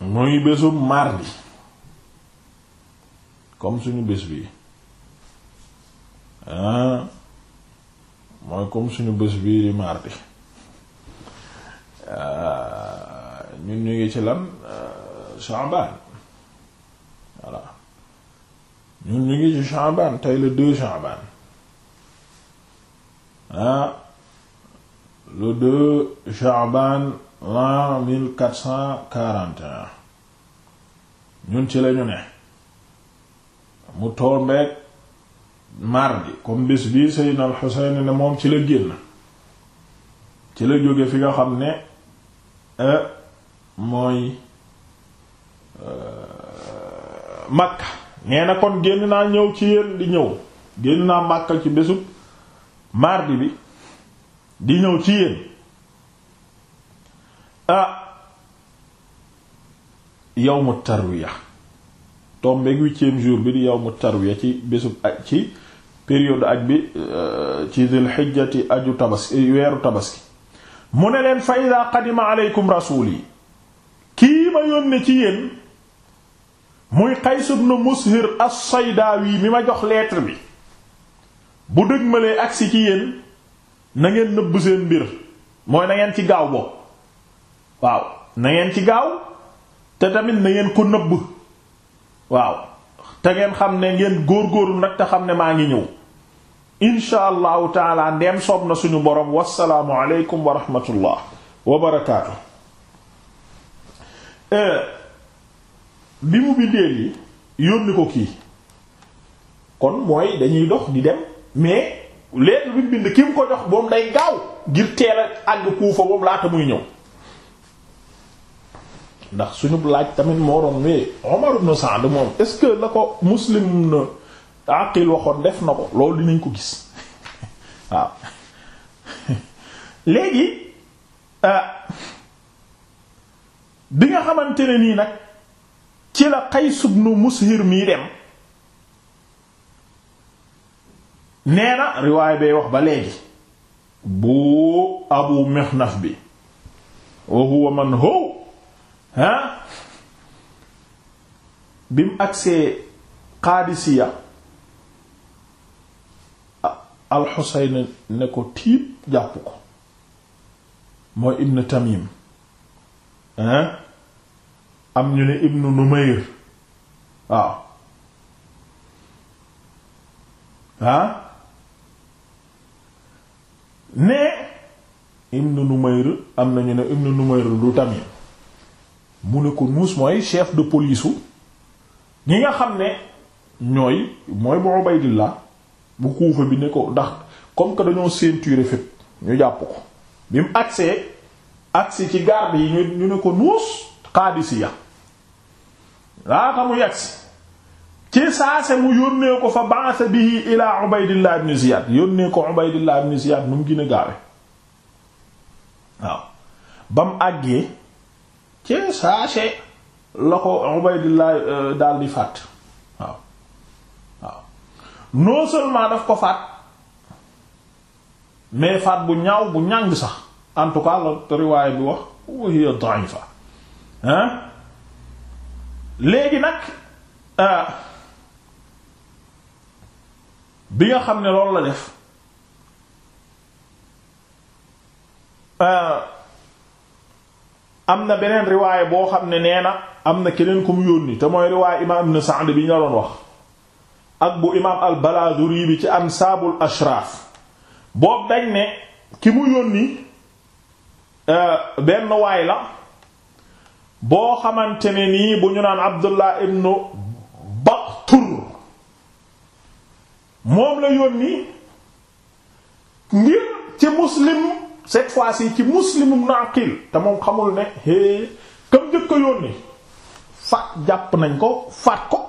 muy bésub mardi comme suñu bés bi ah. mooy comme suñu bés bi di mardi Euh, ñun ñu ngi ci lan Sha'ban euh, voilà ñun ñu ngi ci Sha'ban tey le deux Sha'ban ah le deux Sha'ban l'an mille cent quarante un ñun ci lañu ne mu tombeek mardi comme bés bii Seydina al Xuseyn ne moom ci la génn ci la jóge fi nga xam ne Euh, mooy euh, Makka nee na kon génn naa ñëw ci yéen di ñëw génn naa Makka ci bésu mardi bi di ñëw ci yéen ah yawmu tarwiya tombeeg huitième jour bi di mu tarwiya ci bésub aj ci période aj bi euh, ci zil xijjati aju tabaski weeru tabaski mu ne leen fa idaa qadima aleykum rasuuli kii ma yónne ci yéen muy Qays ibn Mushir as-Saydaawi mi ma jox leetre bi bu dëgmalee agsi ci yéen na ngeen nëbb seen mbir mooy na ngeen ci gaaw bo waaw na ngeen ci gaaw te tamit na ko nëbb waaw te ngeen xam ne ngeen góor góorlu nag te xam ne maa ngi ñëw insha allahu taala ndeem soob na suñu borom wasalaamu aleykum wa rahmatullah wa barakaatu eh, bi mu bindee lii yónni ko kii kon mooy dañuy dox di dem mais lettre bi bind ki mu ko jox moom day gaaw ngir teel a àgg kuufa boobu laata muy ñëw ndax suñu laaj tamit moo doon mais Omar ibn Sa'd moom est-ce que la ko muslim na aqil waxoon def na ko loolu dinañ ko gis *laughs* waaw *laughs* léegi euh, bi nga xamante ne nii nag ci la Qays ibn Mushir mii dem nee na riwaay bay wax ba léegi bu Abu Mikhnaf bi wa huwa man ho ah bi mu agsee Qaadisiya alxuseyn ne ko tiib jàpp ko mooy ibn tamim am ñu ne ibn numayr waaw ah ne ibn numayr am na ñu ne ibn numayr du tamim mu ne ko nuus mooy chef de police ñi nga xam ne ñooy mooy bu ubaydillah bu Kuufa bi ne ko ndax comme que dañoo ceinturer fépp ñu jàpp ko bi mu agsee agsi ci garde yi ñu ne ko nuus Qaadisiya laata mu yagsi ci saase mu yónnee ko fa ba'atha bihi ila Ubaydillah ibn Ziyad yónnee ko Ubaydillah ibn Ziyad nu mu gën a gaawe waaw ba mu àggee ci saase la ko Ubaydillah euh, daal di fàtt waaw non seulement daf ko faat mais faat bu ñaaw bu ñàng sax en tout cas la riwaay bi wax wa hiya da'ifa hein léegi nag euh, bi nga xam ne loolu la def euh, am na beneen riwaay boo xam ne nee na am na keneen ku mu yónni te mooy riwaay imaam Ibn Sa'd bi ñu wax ak bu imaam al Balaazuri bi ci ansaabul ashraaf boobu dañ ne ki mu yónni euh, benn waay la boo xamante ne nii bu ñu naan Abdullah ibn Baqtur moom la yónni ngir ci muslim cette fois-ci ci muslim ibn Aqil te moom xamul ne hé kam njëkk yónni faat jàpp nañ ko faat ko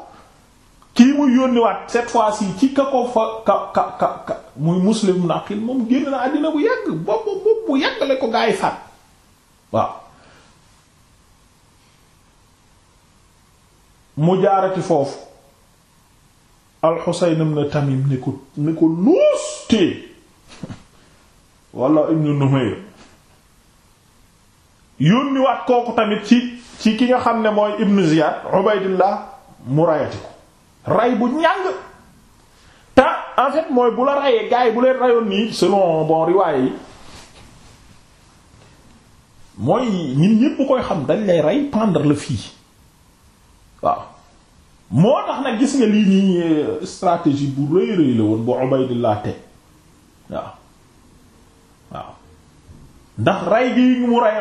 kii muy yónniwaat cette fois-ci ci ka ko fa ka ka ka muy muslim naqil moom génn na àddina bu yàgg bopp bopp bu yàgg la ko gaa yi faat waaw mu jaarati foofu al-Husayn ibn Tamim ni ko ni ko luus tée *laughs* walla ibn Numayr yónniwaat kooku tamit ci ci ki nga xam ne mooy ibn Ziyad mu rayati ko ray bu ñàng te en fait mooy bu la rayee gars bu leen rayoon nii selon bon riwaaye yi mooy ñun ñépp koy xam dañ lay rey pendre la fii waaw moo tax nag gis nga lii nii euh, stratégie bu rëy rëy la woon bu Ubaydillah te waaw waaw ndax rey gi mu rey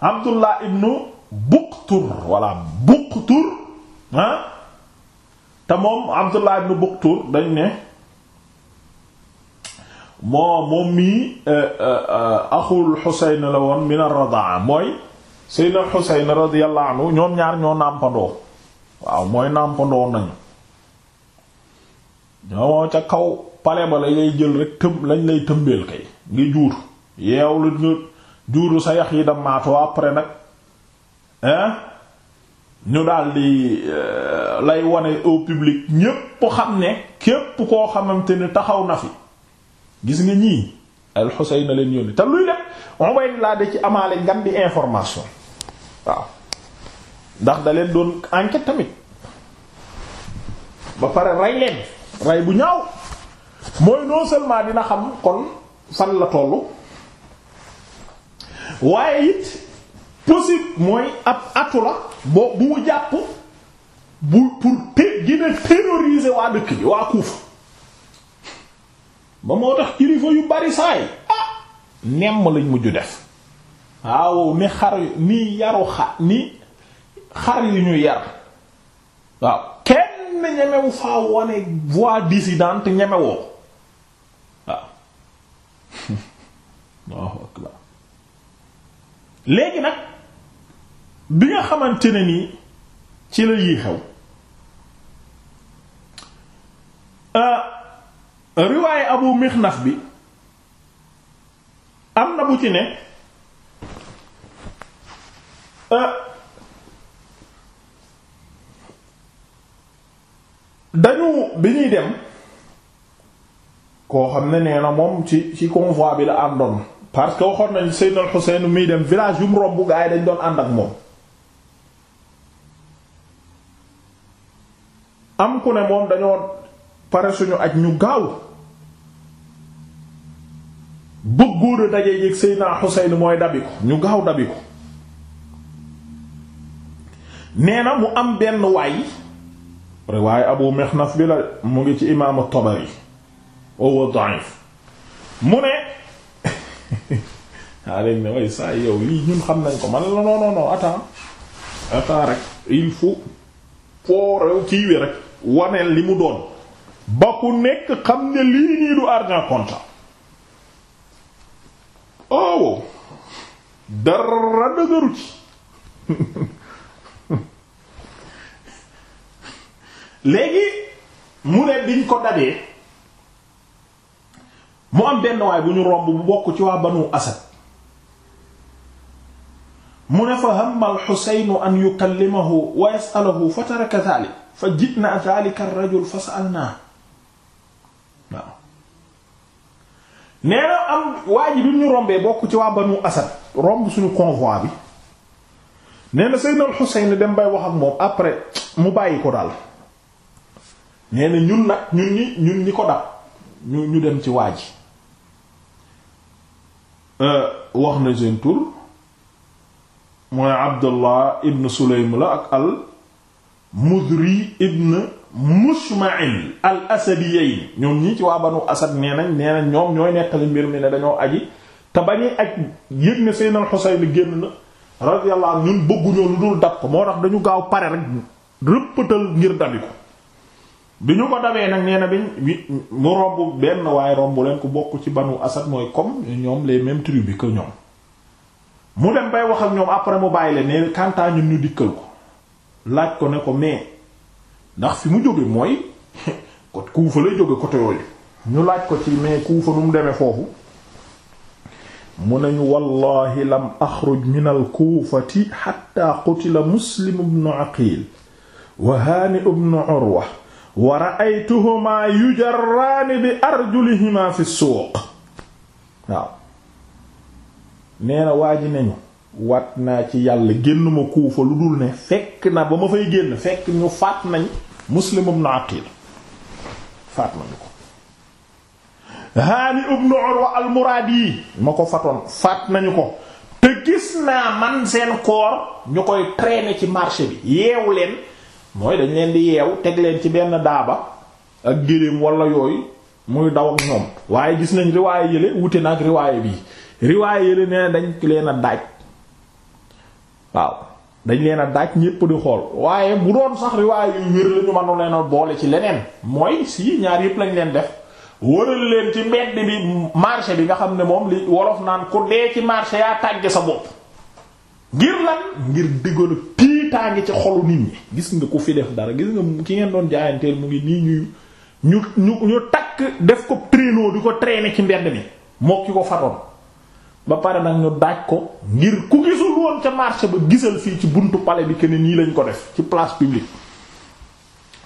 Abdullah ibnu Buqtur walla Buqtur ah te moom Abdullah ibn Buktur dañ ne moo moom mii eh, eh, axul Xuseyn la woon min ar-radaa mooy Seydina Xuseyn radiyallahu anhu ñoom ñaar ñoo nàmpandoo waaw mooy nàmpandoo nañu ñoo ca kaw pale ba la ngay jël rek tëm lañ lay tëmbeel kay nga juur yeew lu juuru sa yax yi damaatoo après nag hein ñu daldi euh, lay wane au public ñépp xam ne képp koo xamante ne taxaw na fi gis nga ñii al Xuseyn na leen yónni te luy lépp Ubaydullah da ci amaale ngan di information waaw ndax da leen doon enquête tamit ba pare rey leen rey bu ñaaw mooy non seulement dina xam kon fan la tollu waaye it possible mooy ab atu la boo bu mu jàpp bu pour te gën a terroriser waa dëkk bi waa Kuufa ba moo tax kilifa yu bari saay ah nemm lañ mujj def waaw ni xar ni yaru xar ni xar yu ñu yar waaw kenn ñemewu faa wone voix dissidente ñemewoo waaw *laughs* léegi nag bi nga xamante ne nii ci la yii xew euh, riwaaye abu mixnaf bi am na bu ci ne euh, dañu bi ñuy dem koo xam ne nee na moom ci ci convoi bi la àndoon parce que waxoon nañ Seydina al Xuseyn muy dem village yu mu romb gaa yi dañ doon ànd ak moom am ku ne moom dañoo pare suñu aj ñu gaaw bëggoon a daje yéeg Seydina Xuseyn mooy dabi ko ñu gaaw dabi ko nee na mu am benn waay riwaay Abu Mixnaf bi la mu ngi ci imaamu Tabari huwa mu ne daa *laughs* ne way saa yow lii ñun xam nañ ko man la non non non attends rek il faut foo rew kii wi rek waneen li mu doon ba ku nekk xam ne lii nii du argent comptant oh dara dëgëru ci *laughs* léegi mu ne biñ ko dabee mu am benn waay bu ñu romb bu bokk ci waa banu asad mu ne fa hamma al an yukallimahu wa yas'aluhu fa taraka fa jitna zalika ar-rajul fa sa'alna waaw nee am waa ji bi ñu rombee bokk ci waa banu asad romb suñu convoi bi nee na Seydina al-Husayn dem bay wax ak moom après mu bàyyi ko daal nee ñun nag ñun ñi ñun ñi ko dab ñu ñu dem ci waa ji euh, wax na seen tur mooy Abdullah ibn Sulaym la ak al Mudri ibn Mushma'il al Asadiyayn ñoom ñii ci waa Banu Asad nee nañ nee nañ ñooy nettali mbir mi ne dañoo aji te bañuy aj yëg ne Seydina Al-Husayn génn na radiyallahu anhu ñun bëgguñoo lu dul dab ko moo tax dañu gaaw pare rek rëppatal ngir dabi ko bi ñu ko damee nag nee na bi mu romb benn waaye romb leen ko bokk ci Banu Asad mooy comme ñoom les mêmes tribus que ñoom mu dem bay wax ak ñoom après mu bàyyi leen ne quant ñu dikkal ko laaj ko ne ko mais ndax fi mu jóge mooy *laughs* kot Kuufa lay jóge côté yooyu ñu laaj ko ci mais Kuufa nu mu demee foofu mu nañu wallahi lam axruj min alkuufati xatta qutila muslim bnu aqil wa haani bnu urwa wa ra'aytuhumaa yujarraani bi arjulihimaa fi suuq waaw nee na waa ji nañu wat naa ci yàlla génn ma kuufa lu dul ne fekk na ba ma fay génn fekk ñu faat nañ muslim ibn aqil faat nañu ko haani ibn urwa al muraadi ma ko fatoon faat nañu ko te gis naa man seen koor ñu koy traîner ci marché bi yeewu leen mooy dañ leen di yeew teg leen ci benn daaba ak géléem walla yooyu muy daw ak ñoom waaye gis nañ riwaaye yële wuti na ak riwaaye bii riwaaye yële nee dañ leen a daaj waaw dañ leen a daaj ñépp di xool waaye bu doon sax riwaaya yu wér la ñu mënu leen boole ci leneen mooy si ñaar yépp lañ leen def wëral leen ci mbedd bi marché bi nga xam ne moom li wolof naan ku dee ci marché yaa tàgge sa bopp ngir lan ngir déggoon ngi ci xolu nit ñi gis nga ko fi def dara gis nga ki ngeen doon jaayanteel mu ngi nii ñuy ñu ñu ñu takk def ko traîneau di ko traîner ci mbedd bi moo ki ko fatoon ba pare nag ñu daaj ko ngir ku gisul woon ca marché ba gisal fii ci buntu pale bi kenn nii lañ ko def ci place publique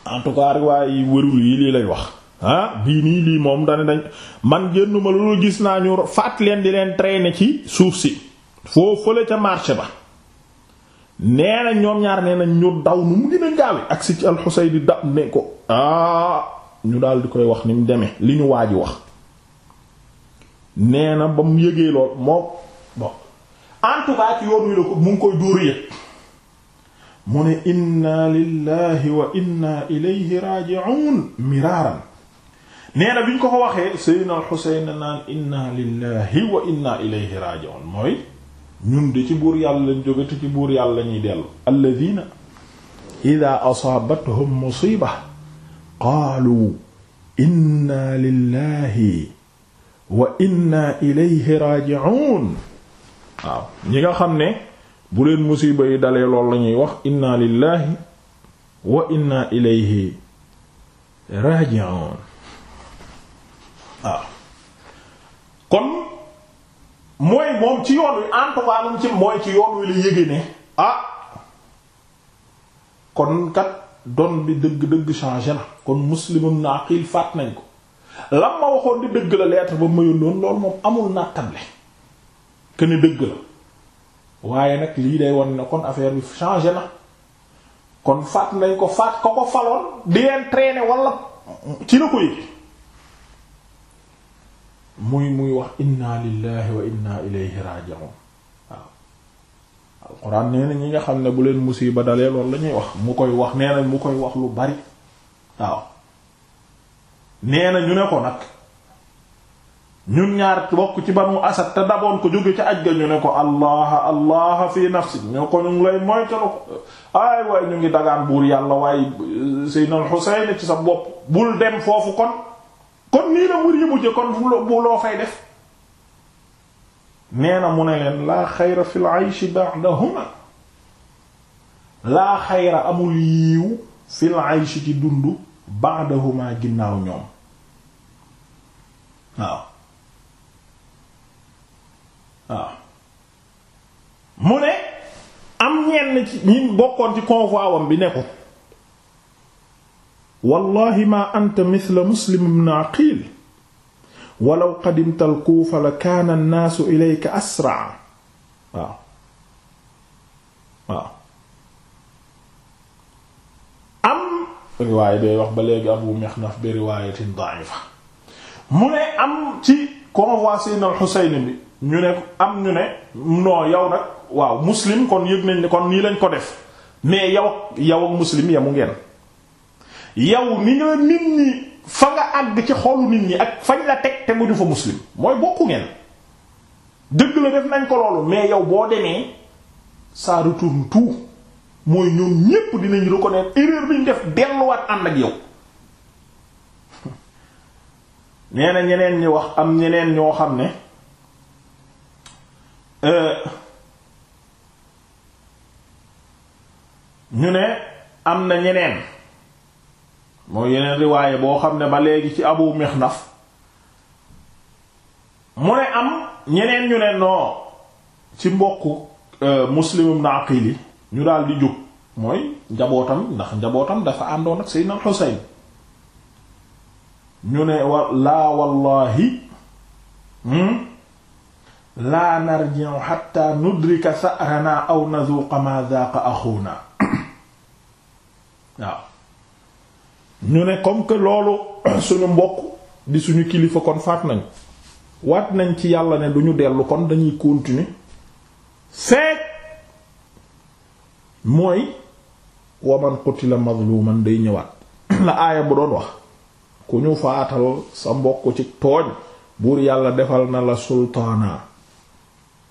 en tout cas waaye wërul yi lii lay wax ah bii nii lii moom dane dañ man génnuma loolu gis naa ñu faat leen di leen traîner ci suuf si foo fële ca marché ba nee na ñoom ñaar nee nañ ñu daw nu mu gën a gaawe ak si ci alxusay di da ne ko ah ñu daal di koy wax ni mu demee li ñu waaji wax nee ba mu yëgee lool moom bon en tout cas ci yoon wi la ko mu ngi koy dóor yëg mu ne inna lillahi wa inna ilayhi raji'un miraaran nee bi ñu ko ko waxee sayyidina al-Husayn inna lillahi wa inna ilayhi raji'un mooy ñun de ci buur yàlla lañ jóge ci buur yàlla ñuy dellu alladhina idha asaabathum musiba qaalu inna lillahi wa inna ilayhi raji'un waaw ñi nga xam ne bu leen musiba yi dalee lool la ñuy wax inna lillahi wa inna ilayhi raji'un waaw kon mooy moom ci yoon wi en ci mooy ci yoon wi la yége ah kon kat don bi dëgg-dëgg changé na kon muslimum na aqil faat nañ ko lam ma waxoon di dëgg la lettre ba ma yónnoon loolu moom amul nattable que ne dëgg la waaye nag lii day wan ne kon affaire bi changé na kon faat nañ ko faat ko ko faloon di leen traîner ci la ko yëg muy muy wax inna lillahi wa inna ilayhi raji'un waaw alxuraan nee na ñi nga xam ne bu leen musiba dalee loolu la wax mu koy wax nee na mu koy wax lu bari waaw nee na ñu ne ko nag ñun ñaar bokk ci banu asad te daboon ko jóge ca aj ga ñu ne ko allah allah fi nafsi ñu ko ñu ngi lay moytalu ko ay waaye ñu ngi dagaan buur yàlla waaye seydna al Husayn ci sa bopp bul dem foofu kon kon nii la wër yi mujje kon bu loo fay def nee na mu ne leen laa xayra fi l ayshi ba'dahuma laa xayra amul yiiw fi l ci dundu ba'dahuma ginnaaw ñoom waaw waaw mu ne am ñenn bokkoon ci convoi wam bi ne wallahi ma anta mithla muslim aqil walaw qadimta al kuufa la kaana an-naasu ilayka riwaay day wax ba léegi Abu Mikhnaf bi riwaayatin fa mu ne am ci convoi Seydina Al-Husayn bi ñu ne am ñu ne noo yow nag waaw muslim kon yëg nañ ne kon nii lañ ko def mais yow ak yow ak muslim yamu ngeen yow ni nga nit ñi fa nga àgg ci xolu nit ñi ak fañ la teg te mu ñu fa muslim mooy bokku ngeen dëgg la def nañ ko loolu mais yow boo demee ça retourne tout mooy ñoom ñépp dinañ reconnaître erreur bi ñu def delluwaat am nag yow nee ñeneen ñi wax am ñeneen ñoo xam ne euh, ñu ne am na ñeneen mooy yeneen riwaaye boo xam ne ba léegi ci Abu Mixnaf mu ne am ñeneen ñu ne noo ci mbokk euh, Muslim ibn Aqil ñu daal di jóg mooy njabootam ndax njabootam dafa àndoon ak Seydina Xuseyn ñu ne wa laa wallahi hmm? laa narji'u hatta nudrika sa'rana aw nazuqa ma zaqa axuna *coughs* waaw ñu ne comme que loolu *coughs* suñu mbokk di suñu kilifa kon faat nañ waat nañ ci yàlla ne duñu dellu kon dañuy kontinu fekk mooy waman qutila mazluman day ñëwaat *clears throat* la aaya bu doon wax ku ñu faatal sa mbokk ci tooñ buur yàlla defal na la sultaana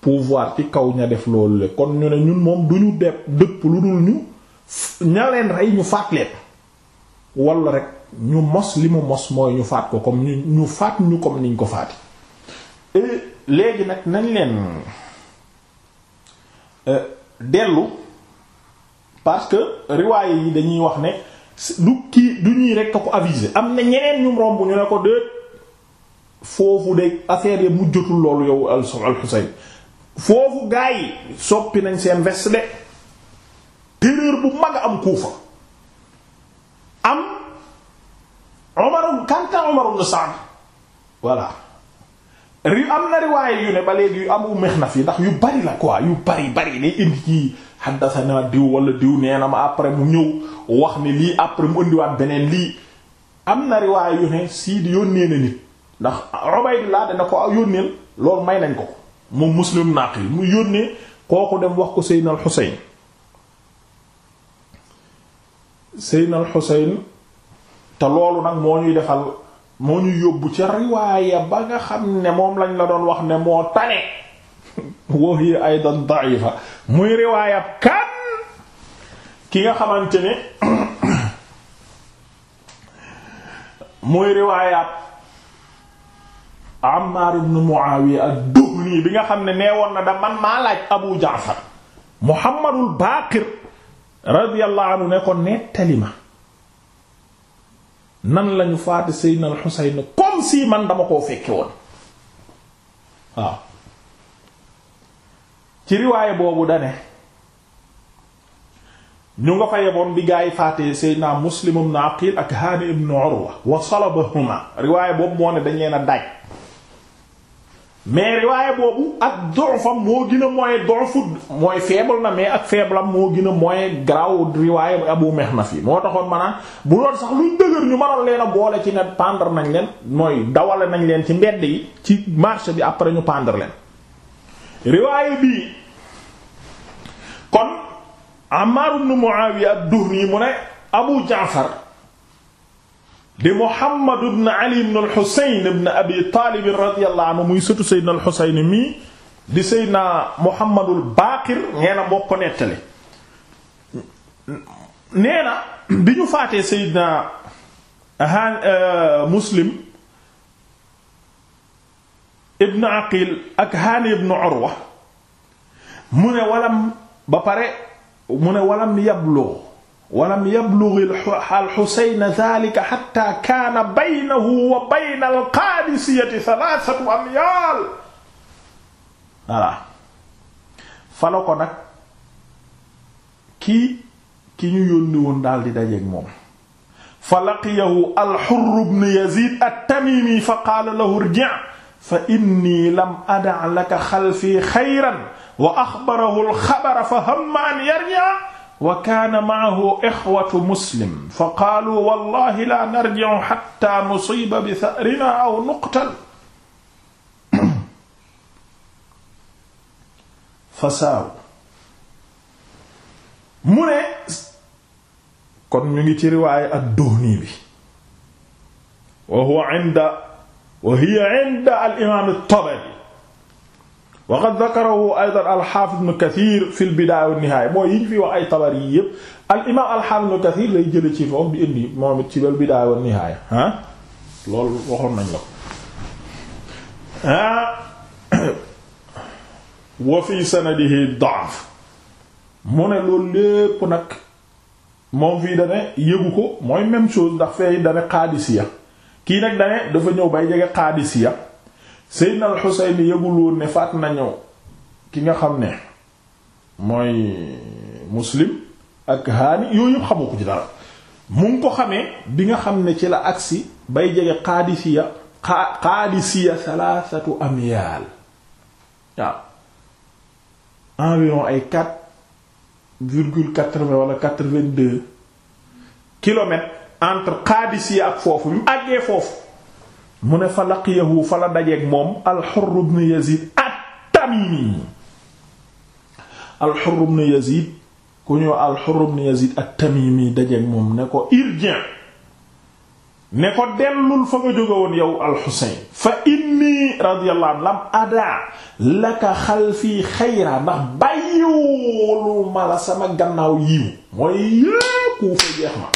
pouvoir ci kaw ña def loolu le kon ñu ne ñun moom duñu dep dëpp lu dul ñu ña leen rey ñu faat leen rek ñu mos li mu mos mooy ñu faat ko comme ñu faat ñu comme niñ ko faati léegi nag nañ leen euh, dellu parce que riwaaye yi dañuy wax ne du kii du ñuy rek a aviser am na ñeneen ñum romb ñu ne ko déet foofu de affaire ya mujjatul loolu yow al Xuseyn foofu gaa yi soppi nañ seen veste de terreur bu mag am Kuufa am kanta Umar ibn Sa'd voilà ri am na riwaaye yu ne ba léegi yu amu Mixnaf yi ndax yu bari la quoi yu bari bari lay indi ci xaddasana diw wala diw nee na ma après mu ñëw wax ni lii après mu indiwaat beneen lii am na riwaay yu ne siidi yónnee na nit ndax Ubaydullah dana ko yónneel loolu may nañ ko ko moom Muslim yi mu yónnee kooku dem wax ko Seydina al Xuseyn Seydina Xuseyn te loolu nag moo ñuy defal moo ñu yóbbu ca riwaaya ba nga xam ne moom lañ la doon wax ne moo tane *laughs* wa hiya aydan da'ifa muy riwaayab kan ki nga xamante ne *coughs* muy riwaayab Ammaar ibn Muawiya ad-Duhni bi nga xam ne neewoon na da man maa laaj Abu Jaafar Muhammadul Baaqir radiyallahu anhu ne ko nettali ma nan lañu faate Seydina al comme si man dama koo fekke woon waaw ci riwaaye boobu dane ñu nga fa yeboon bi gaa yi faatee seydna muslim ibn aqil ak haani ibn urwa wa salabahuma riwaaye boobu moo ne dañ leen a daaj mais riwaaye boobu ak dofam moo gën a mooy dofu mooy faible na mais ak faible am moo gën a mooy graw riwaaye abu mexnaf yi moo taxoon maanaam bu doon sax luñ dëgër ñu mënoon leen boole ci ne pendre nañ leen mooy dawale nañ leen ci mbedd yi ci marché bi après ñu pendre leen riwaaye bii kon Ammaar ibn Muawiya ad-Duhni mu ne Abu Jaafar di Muhammad ibn Ali ibn al-Husayn ibn Abi Taalib radiyallahu anhu muy sëtu Seydina al-Husayn mi di Seydina Muhammadul Baaqir nee na boo ko nettali nee na bi ñu faatee Seydina euh, Muslim ibn Aqil ak Haani ibn Urwa mu ne walam ba pare mu ne walam yablugh walam yablugh al-Husayn dhalika hatta kaana baynahu wa bayna al-Qaadisiyyati thalathatu amyaal voilà fala ko nag kii ki ñu yónni woon daal di dajeeg moom fa laqiyahu al-Hurr ibn Yazid at-Tamimi fa qaala lahu irji' fa inni lam ada' laka khalfi khayran wa axbarahu alxabara fa hamma an yarji'a wa kaana ma'ahu ixwatu muslim fa qaalu wallahi la narji'u hatta nusiba bi sa'rinaa aw nuqtal *clears throat* fa saaw mu ne kon ñu ngi ci riwaaye ak dooni bi wa huwa inda wa hiya inda al imaam at-Tabari wa qad dakarahu aydan al-Hafiz Ibn fi al-Bidaya wan mooy yi ñu fi wax ay Tabari yi yépp al-imam al-Hafiz Ibn lay jële ci foofu bi indi moom it ci al-Bidaya wan-Nihaya ah loolu waxoon nañ la ko ah *coughs* wa fi sanadihi da'f mu ne loolu lépp nag moom fii dane yëgu ko mooy même chose ndax fee dane Qadisiya kii nag dane dafa ñëw bay jege Qadisiya Seydina al-Husayn yëgul woon ne faat nañu ki nga xam ne mooy Muslim ak Haani yooyu yëpp xamu ko ci dara mu ngi ko xamee bi nga xam ne ci la agsi bay jege Qaadisiya Qaadisiya salaasatu amyaal waaw environ ay quatre virgule quatre-vingts wala quatre-vingt-deux kilomètres entre Qaadisiya ak foofu mu àggee foofu mu ne fa laqiyahu fa la dajeeg moom al-Hurr ibn Yazid tamimi al-Hurr ibn ku ñëw al-Hurr ibn Yazid tamimi dajeeg moom ne ko irji' ne ko dellul fa nga jóge woon yow al-Husayn fa inni radiyallahu anhu lam ada laka xalfi xayra ndax bàyyiwulu ma la sama gannaaw yiw mooy yépp wu fa jeex ma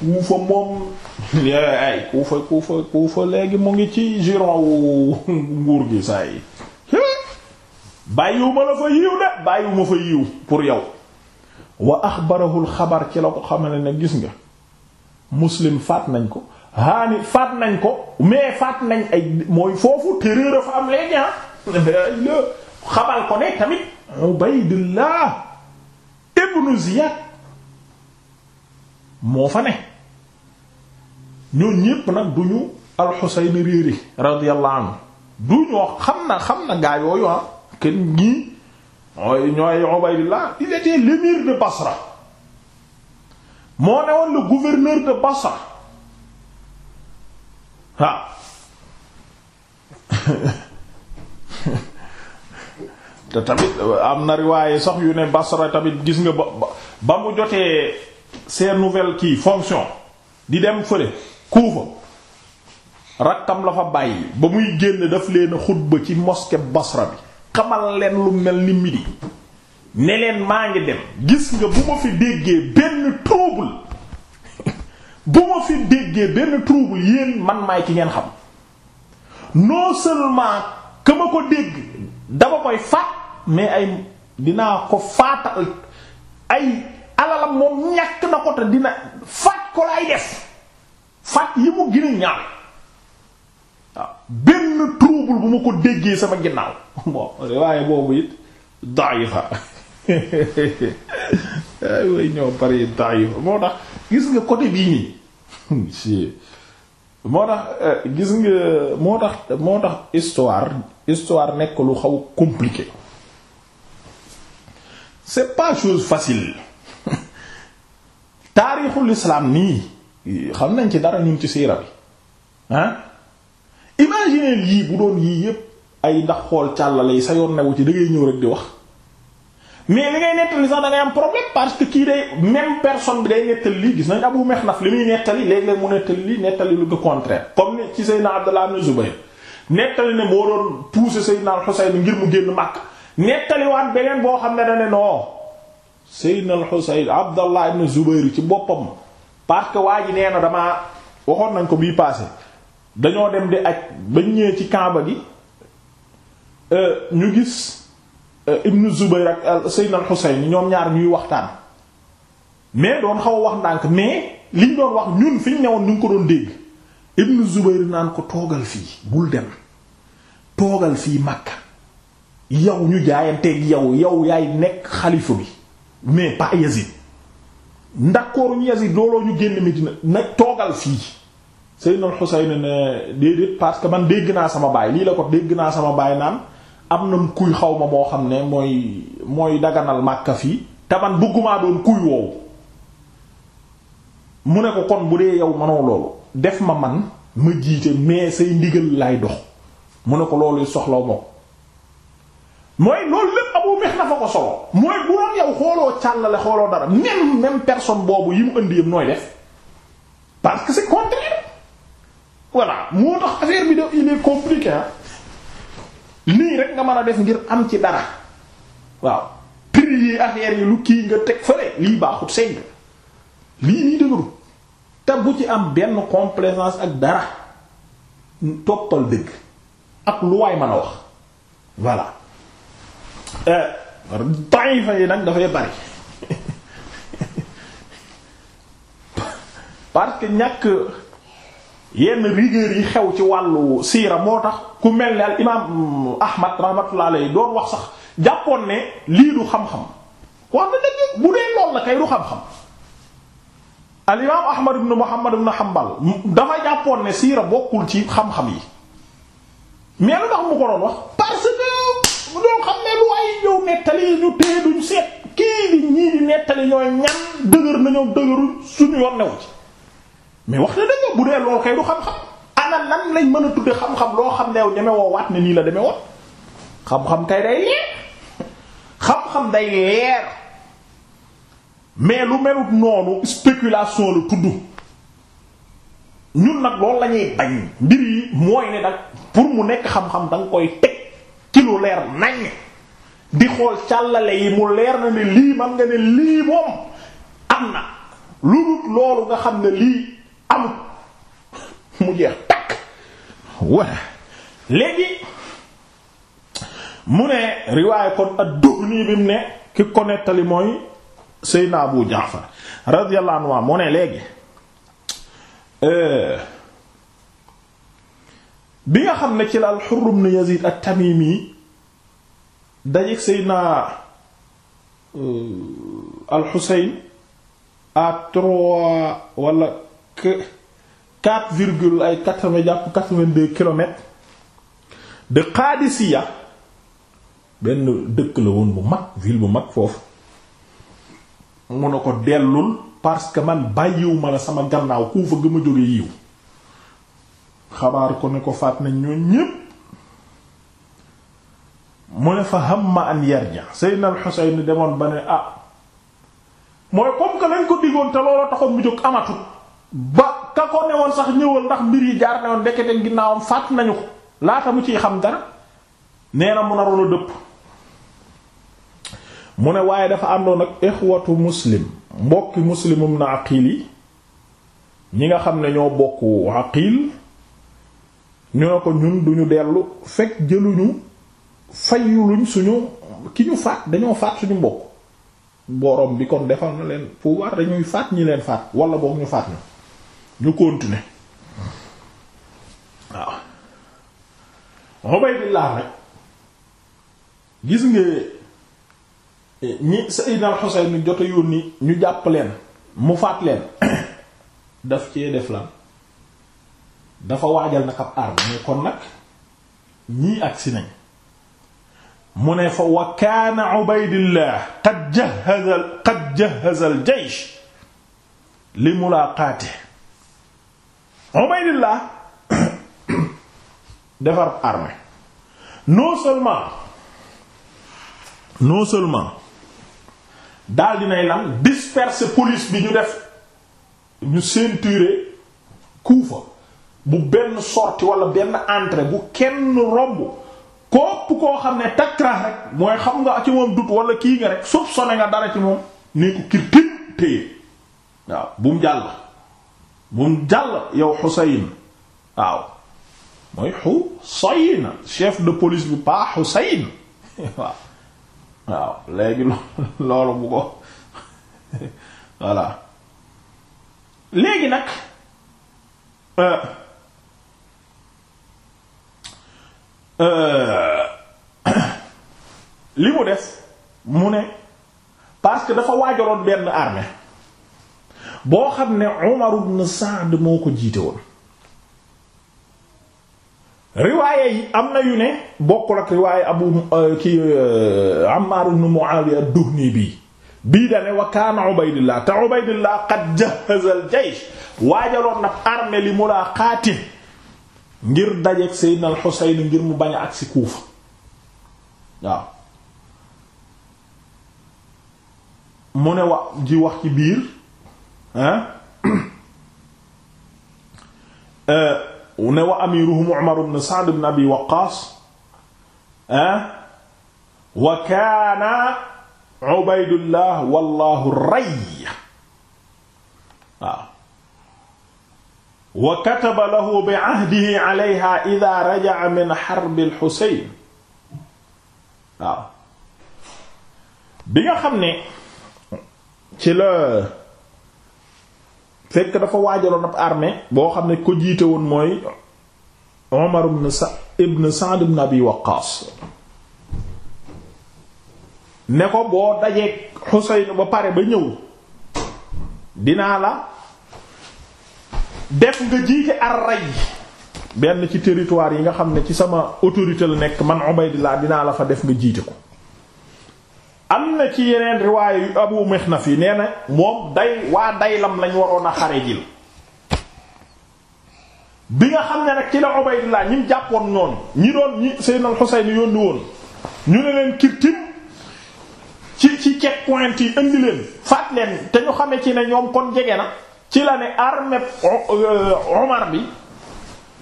Kuufa moom *laughs* ay Kuufa Kuufa Kuufa léegi mu ngi ci giron wu *laughs* nguur gi saa yi bàyyiwu ma la fa yiw de bàyyiwu ma fa yiw pour yow wa axbarahul xabar ci la ko xamal ne gis nga muslim faat nañ ko haani faat nañ ko mais faat nañ ay mooy foofu terreur a fa am léegi ah *laughs* xabal ko ne tamit Ubaydullah ibnu Ziyad moo fa ne ñoo ñépp nag du ñu alxuseyn réeri radiyallahu anhu du ñoo xam na xam na gaa yooyu ah kenn ñii ñooy Ubaydullah il Basra moo ne woon le gouverneur de Basra waaw *laughs* te tamit euh, am na riwaaye sax yu ne Basra tamit gis nga ba ba mu jotee ses nouvelles kii fonction di dem fële kuufa rakkam la fa bàyyi ba muy génn daf leen a xutba ci moske basra bi xamal leen lu mel ni midi ne maa ngi dem gis nga bu ma fi déggee benn trouble *laughs* bu ma fi déggee benn trouble yéen man maay ki ngeen xam noo seulement que ma ko dégg dama koy faat mais ay dinaa ko faatal ay alalam moom ñàkk na ko te dina faat ko lay def faat yi mu gën a ñaaw waaw benn trouble bu ma ko déggee sama ginnaaw *laughs* bon waaye boobu it dayifa way *laughs* ñoo bari dayifa moo tax gis nga côté bii nii *laughs* moo tax euh, gis nga moo tax moo tax histoire histoire nekk lu xaw compliqué c'est pas chose facile taarixul islam nii xam nañ ci dara ñun ci siira bi ah imaginer lii bu doon yii yépp ay ndax xool càllale yi sa yoon newu ci da ñëw rek di wax mais li ngay nettali sax da ngay am problème parce que kii day même personne bi day nettali lii gis nañ Abu Mexnaf li muy nettali léeg-léeg mu nettali lii nettali lu ko contraire comme ni ci Seydina Abdallah ibn Zubayr nettali ne moo doon pousser Seydina al-Husayn ngir mu génn Makka nettaliwaat beneen boo xam ne da ne non Seydina al-Husayn Abdallah ibn Zubayr ci boppam parce que waa ji nee na damaa waxoon nañ ko bii passé dañoo dem di aj bañ ñëwee ci Kaaba gi euh, ñu gis euh, Ibn Zubayr ak Sayyidna al ñoom ñaar ñuy waxtaan mais doon xaw wax ndànk mais liñ doon wax ñun fi ñu newoon ñu ngi ko doon dégg Ibn Zubayr naan ko toogal fii bul dem toogal fii Makka yow ñu jaayanteeg yow yow yaay nekk xalifa bi mais pas Yazid ndakooru ñu Yazid looloo ñu génn mi Medina nag toogal fii Sayyidna Al-Husayn ne déedéet parce que man dégg naa sama baay lii la ko dégg naa sama baay naan am na kuy xaw ma moo xam ne mooy mooy daganal Makka fii te man bëggumaa doon kuy woowu mu ne ko kon bu dee yow manoo loolu def ma man ma jiite mais say ndigal lay dox mu ne ko loolu soxlaw ma mooy loolu lépp Abu Mihna fa ko solo mooy bu doon yow xooloo càllale xooloo dara même même personne boobu yi mu indi yëpp nooy def parce que c'est contraire voilà moo tax affaire bi de il est compliqué nii nga mën a def ngir am ci dara waaw prix yi affaire yi lu kii nga teg fële lii baaxut sëñ lii nii dëgëru te bu ci am benn complaisance ak dara toppal dëgg ak lu waay mën a wax voilà. da'ifa eh, yi nag dafay bari parce que ñàkk yenn rigueur yi xew ci wàllu siira moo tax ku mel ne al imaam Ahmad rahmatullah alayhi doon wax sax jàppoon ne lii du xam-xam wax dëgg bu dee lool la kay du xam-xam al imaam Ahmad ibn Muhammad ibn Hanbal dafa jàppoon ne siira bokkul ci xam-xam yi mais lu mu ko doon wax parce que loo xam ne lu ay yow nettali ñu téye duñ seet kii li ñii di nettali ñooy ñan dëgër nañoo dëgëru suñu yoon newu ci mais wax na dëgg bu dee lool kay du xam-xam ana lan lañ mën a tudde xam-xam loo xam ne yow ñeme woo waat ne nii la demee woon xam-xam kay day leer xam-xam day leer mais lu melut noonu spéculation la tudd ñun nag loolu la bañ mbir mooy ne nag pour mu nekk xam-xam da koy teg ci lu leer nañ di xool càllale yi mu leer na ne lii man nga ne lii moom am na lu dul loolu nga xam ne lii amut mu jeex takk wala léegi mu ne riwaaya kon ad-Duhni bi mu ne ki ko mooy Seydina Abu Jaafar radiyallahu anhu mu ne léegi euh, bi nga xam ne ci la al-Hurr ibn Yazid at naa dajeeg Seydina euh, al-Husayn à trois wala quatre virgule ay quatre-vingts jàpp quatre-vingt-deux de Qadisiya benn dëkk la woon bu mag ville bu mag foofu mun na ko dellul parce que man bàyyiwuma la sama gannaaw ku fa gëm a yiw xabaar ko ne ko faat nañ ñoo ñépp mu ne fa hamma an yarja Seydina al-Husayn demoon ba ne ah mooy comme que lañ ko diggoon te loola taxoon mu jóg amatul ba ka ko newoon sax ñëwal ndax mbir yi jaar newoon ndekete ginnaawam faat nañu ko laata mu ciy xam dara nee na mu naroon a dëpp mu ne waaye dafa àndoon ak ixwatu muslim mbokki muslimum na aqil yi ñi nga xam ne ñoo bokk aqil ñu ne ko ñun duñu dellu fekk jëluñu fayuluñ suñu ki ñu faat dañoo faat suñu mbokk borom bi kon defal na leen pouvoir dañuy faat ñi leen faat wala boog ñu faat ñu ñu continuer waaw Ubaydillah nag gis nga eh, ñi Sayyidna al-Husayn jot a yónni ñu jàpp leen mu faat leen *coughs* daf cee def lan dafa waajal nag ab arme mais kon nag ñii agsi nañ mu ne fa wa kaana ubaydillah qad jahaza qad jahaza al jaysh li mulaaqaate ubaydillah *coughs* defar armée non seulement non seulement daal dinay lan disperser police bi ñu def ñu ceinturer Kufa bu benn sortie wala benn entrée bu kenn romb kopp koo xam ne takrah rek mooy xam nga ci moom dut wala kii nga rek soupçonné nga dara ci moom ni ko kir tëj waaw bu mu jàll bu mu jàll yow Xusayn waaw mooy Xusayn chef de police bi pas Xusayn waaw waaw léegi loolu bu ko *laughs* voilà léegi nag euh, Euh, *coughs* li mu des mu ne parce que dafa waajaroon benn armée boo xam ne Umar ibn Sa'd moo ko jiite woon riwaaye yi am na yu ne bokkul ak riwaaye abu euh, ki euh, Ammar ibn Muawiya ad-Duhni bii bii dane wa kaana Ubaydullah te Ubaydullah qad jahaza al-jaysh nag armée li mulaqaati ngir dajeeg Seydina al Xuseyn ngir mu bañ a agsi Kuufa waaw mu ne wax ji wax ci biir ah *coughs* ne wa amiruhum Umar ibn Sa'd ibn Abi Waqqas ah wa kaana Ubaydullah wallahu rayy wa kataba lahu bi ahdihi alayha ida raja'a min xarbil xusayn waaw bi nga xam ne ci la fekk dafa waajaloon ab armée boo xam ne ko jiite woon mooy Umar ibn Sa ibn Sa'd ibn ne ko boo dajee Xusayn ba pare ba ñëw dinaa la def nga jiite ar-Ray benn ci territoire yi nga xam ne ci sama autorité la nekk man Ubaydillah dinaa la fa def nga jiite ko am na ci yeneen riwaaya yu Abu Mixnaf yi nee na moom day waa daylam lañ waroon a xare jil bi nga xam ne nag ci la Ubaydillah ñi mu jàppoon ñoon ñi doon ñi Seydina Al-Husayn woon ñu ne leen kirtim ci ci checkpoint yi indi leen faat leen te ñu xame ci ne ñoom kon jege na ci la ne armée euh, Omar bi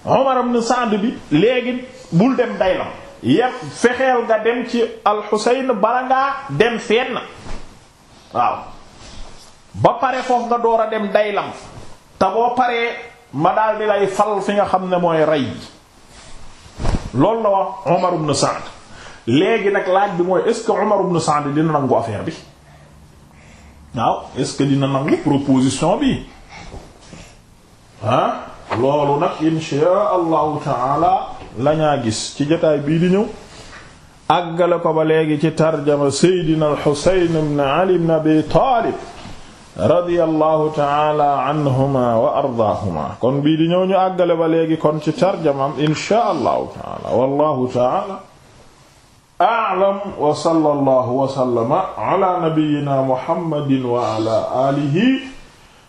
Omar ibn Sa'd bi léegi bul dem Daylam yépp fexeel nga dem ci al-Husayn bala ngaa dem fenn waaw ba pare foofu nga door a dem Daylam te boo paree ma daal di lay fal fi nga xam ne mooy rey loolu la wax Omar ibn Sa'd léegi nag laaj bi mooy est-ce que Omar ibn Sa'd dina nangu affaire bi waaw est-ce que dina nangu proposition bi ah loolu nag insha allahu taala lañaa gis ci jotaay bii di ñëw àggale ko ba léegi ci tarjama seydina alxusayn ibn ali ibn abi taalib radiyallahu taala anhuma wa ardaahuma kon bii di ñëw ñu àggale ba léegi kon ci tarjamam insha allahu taala wallahu taala a'lam wa sallallahu wa sallama ala nabiyyina muhammadin wa ala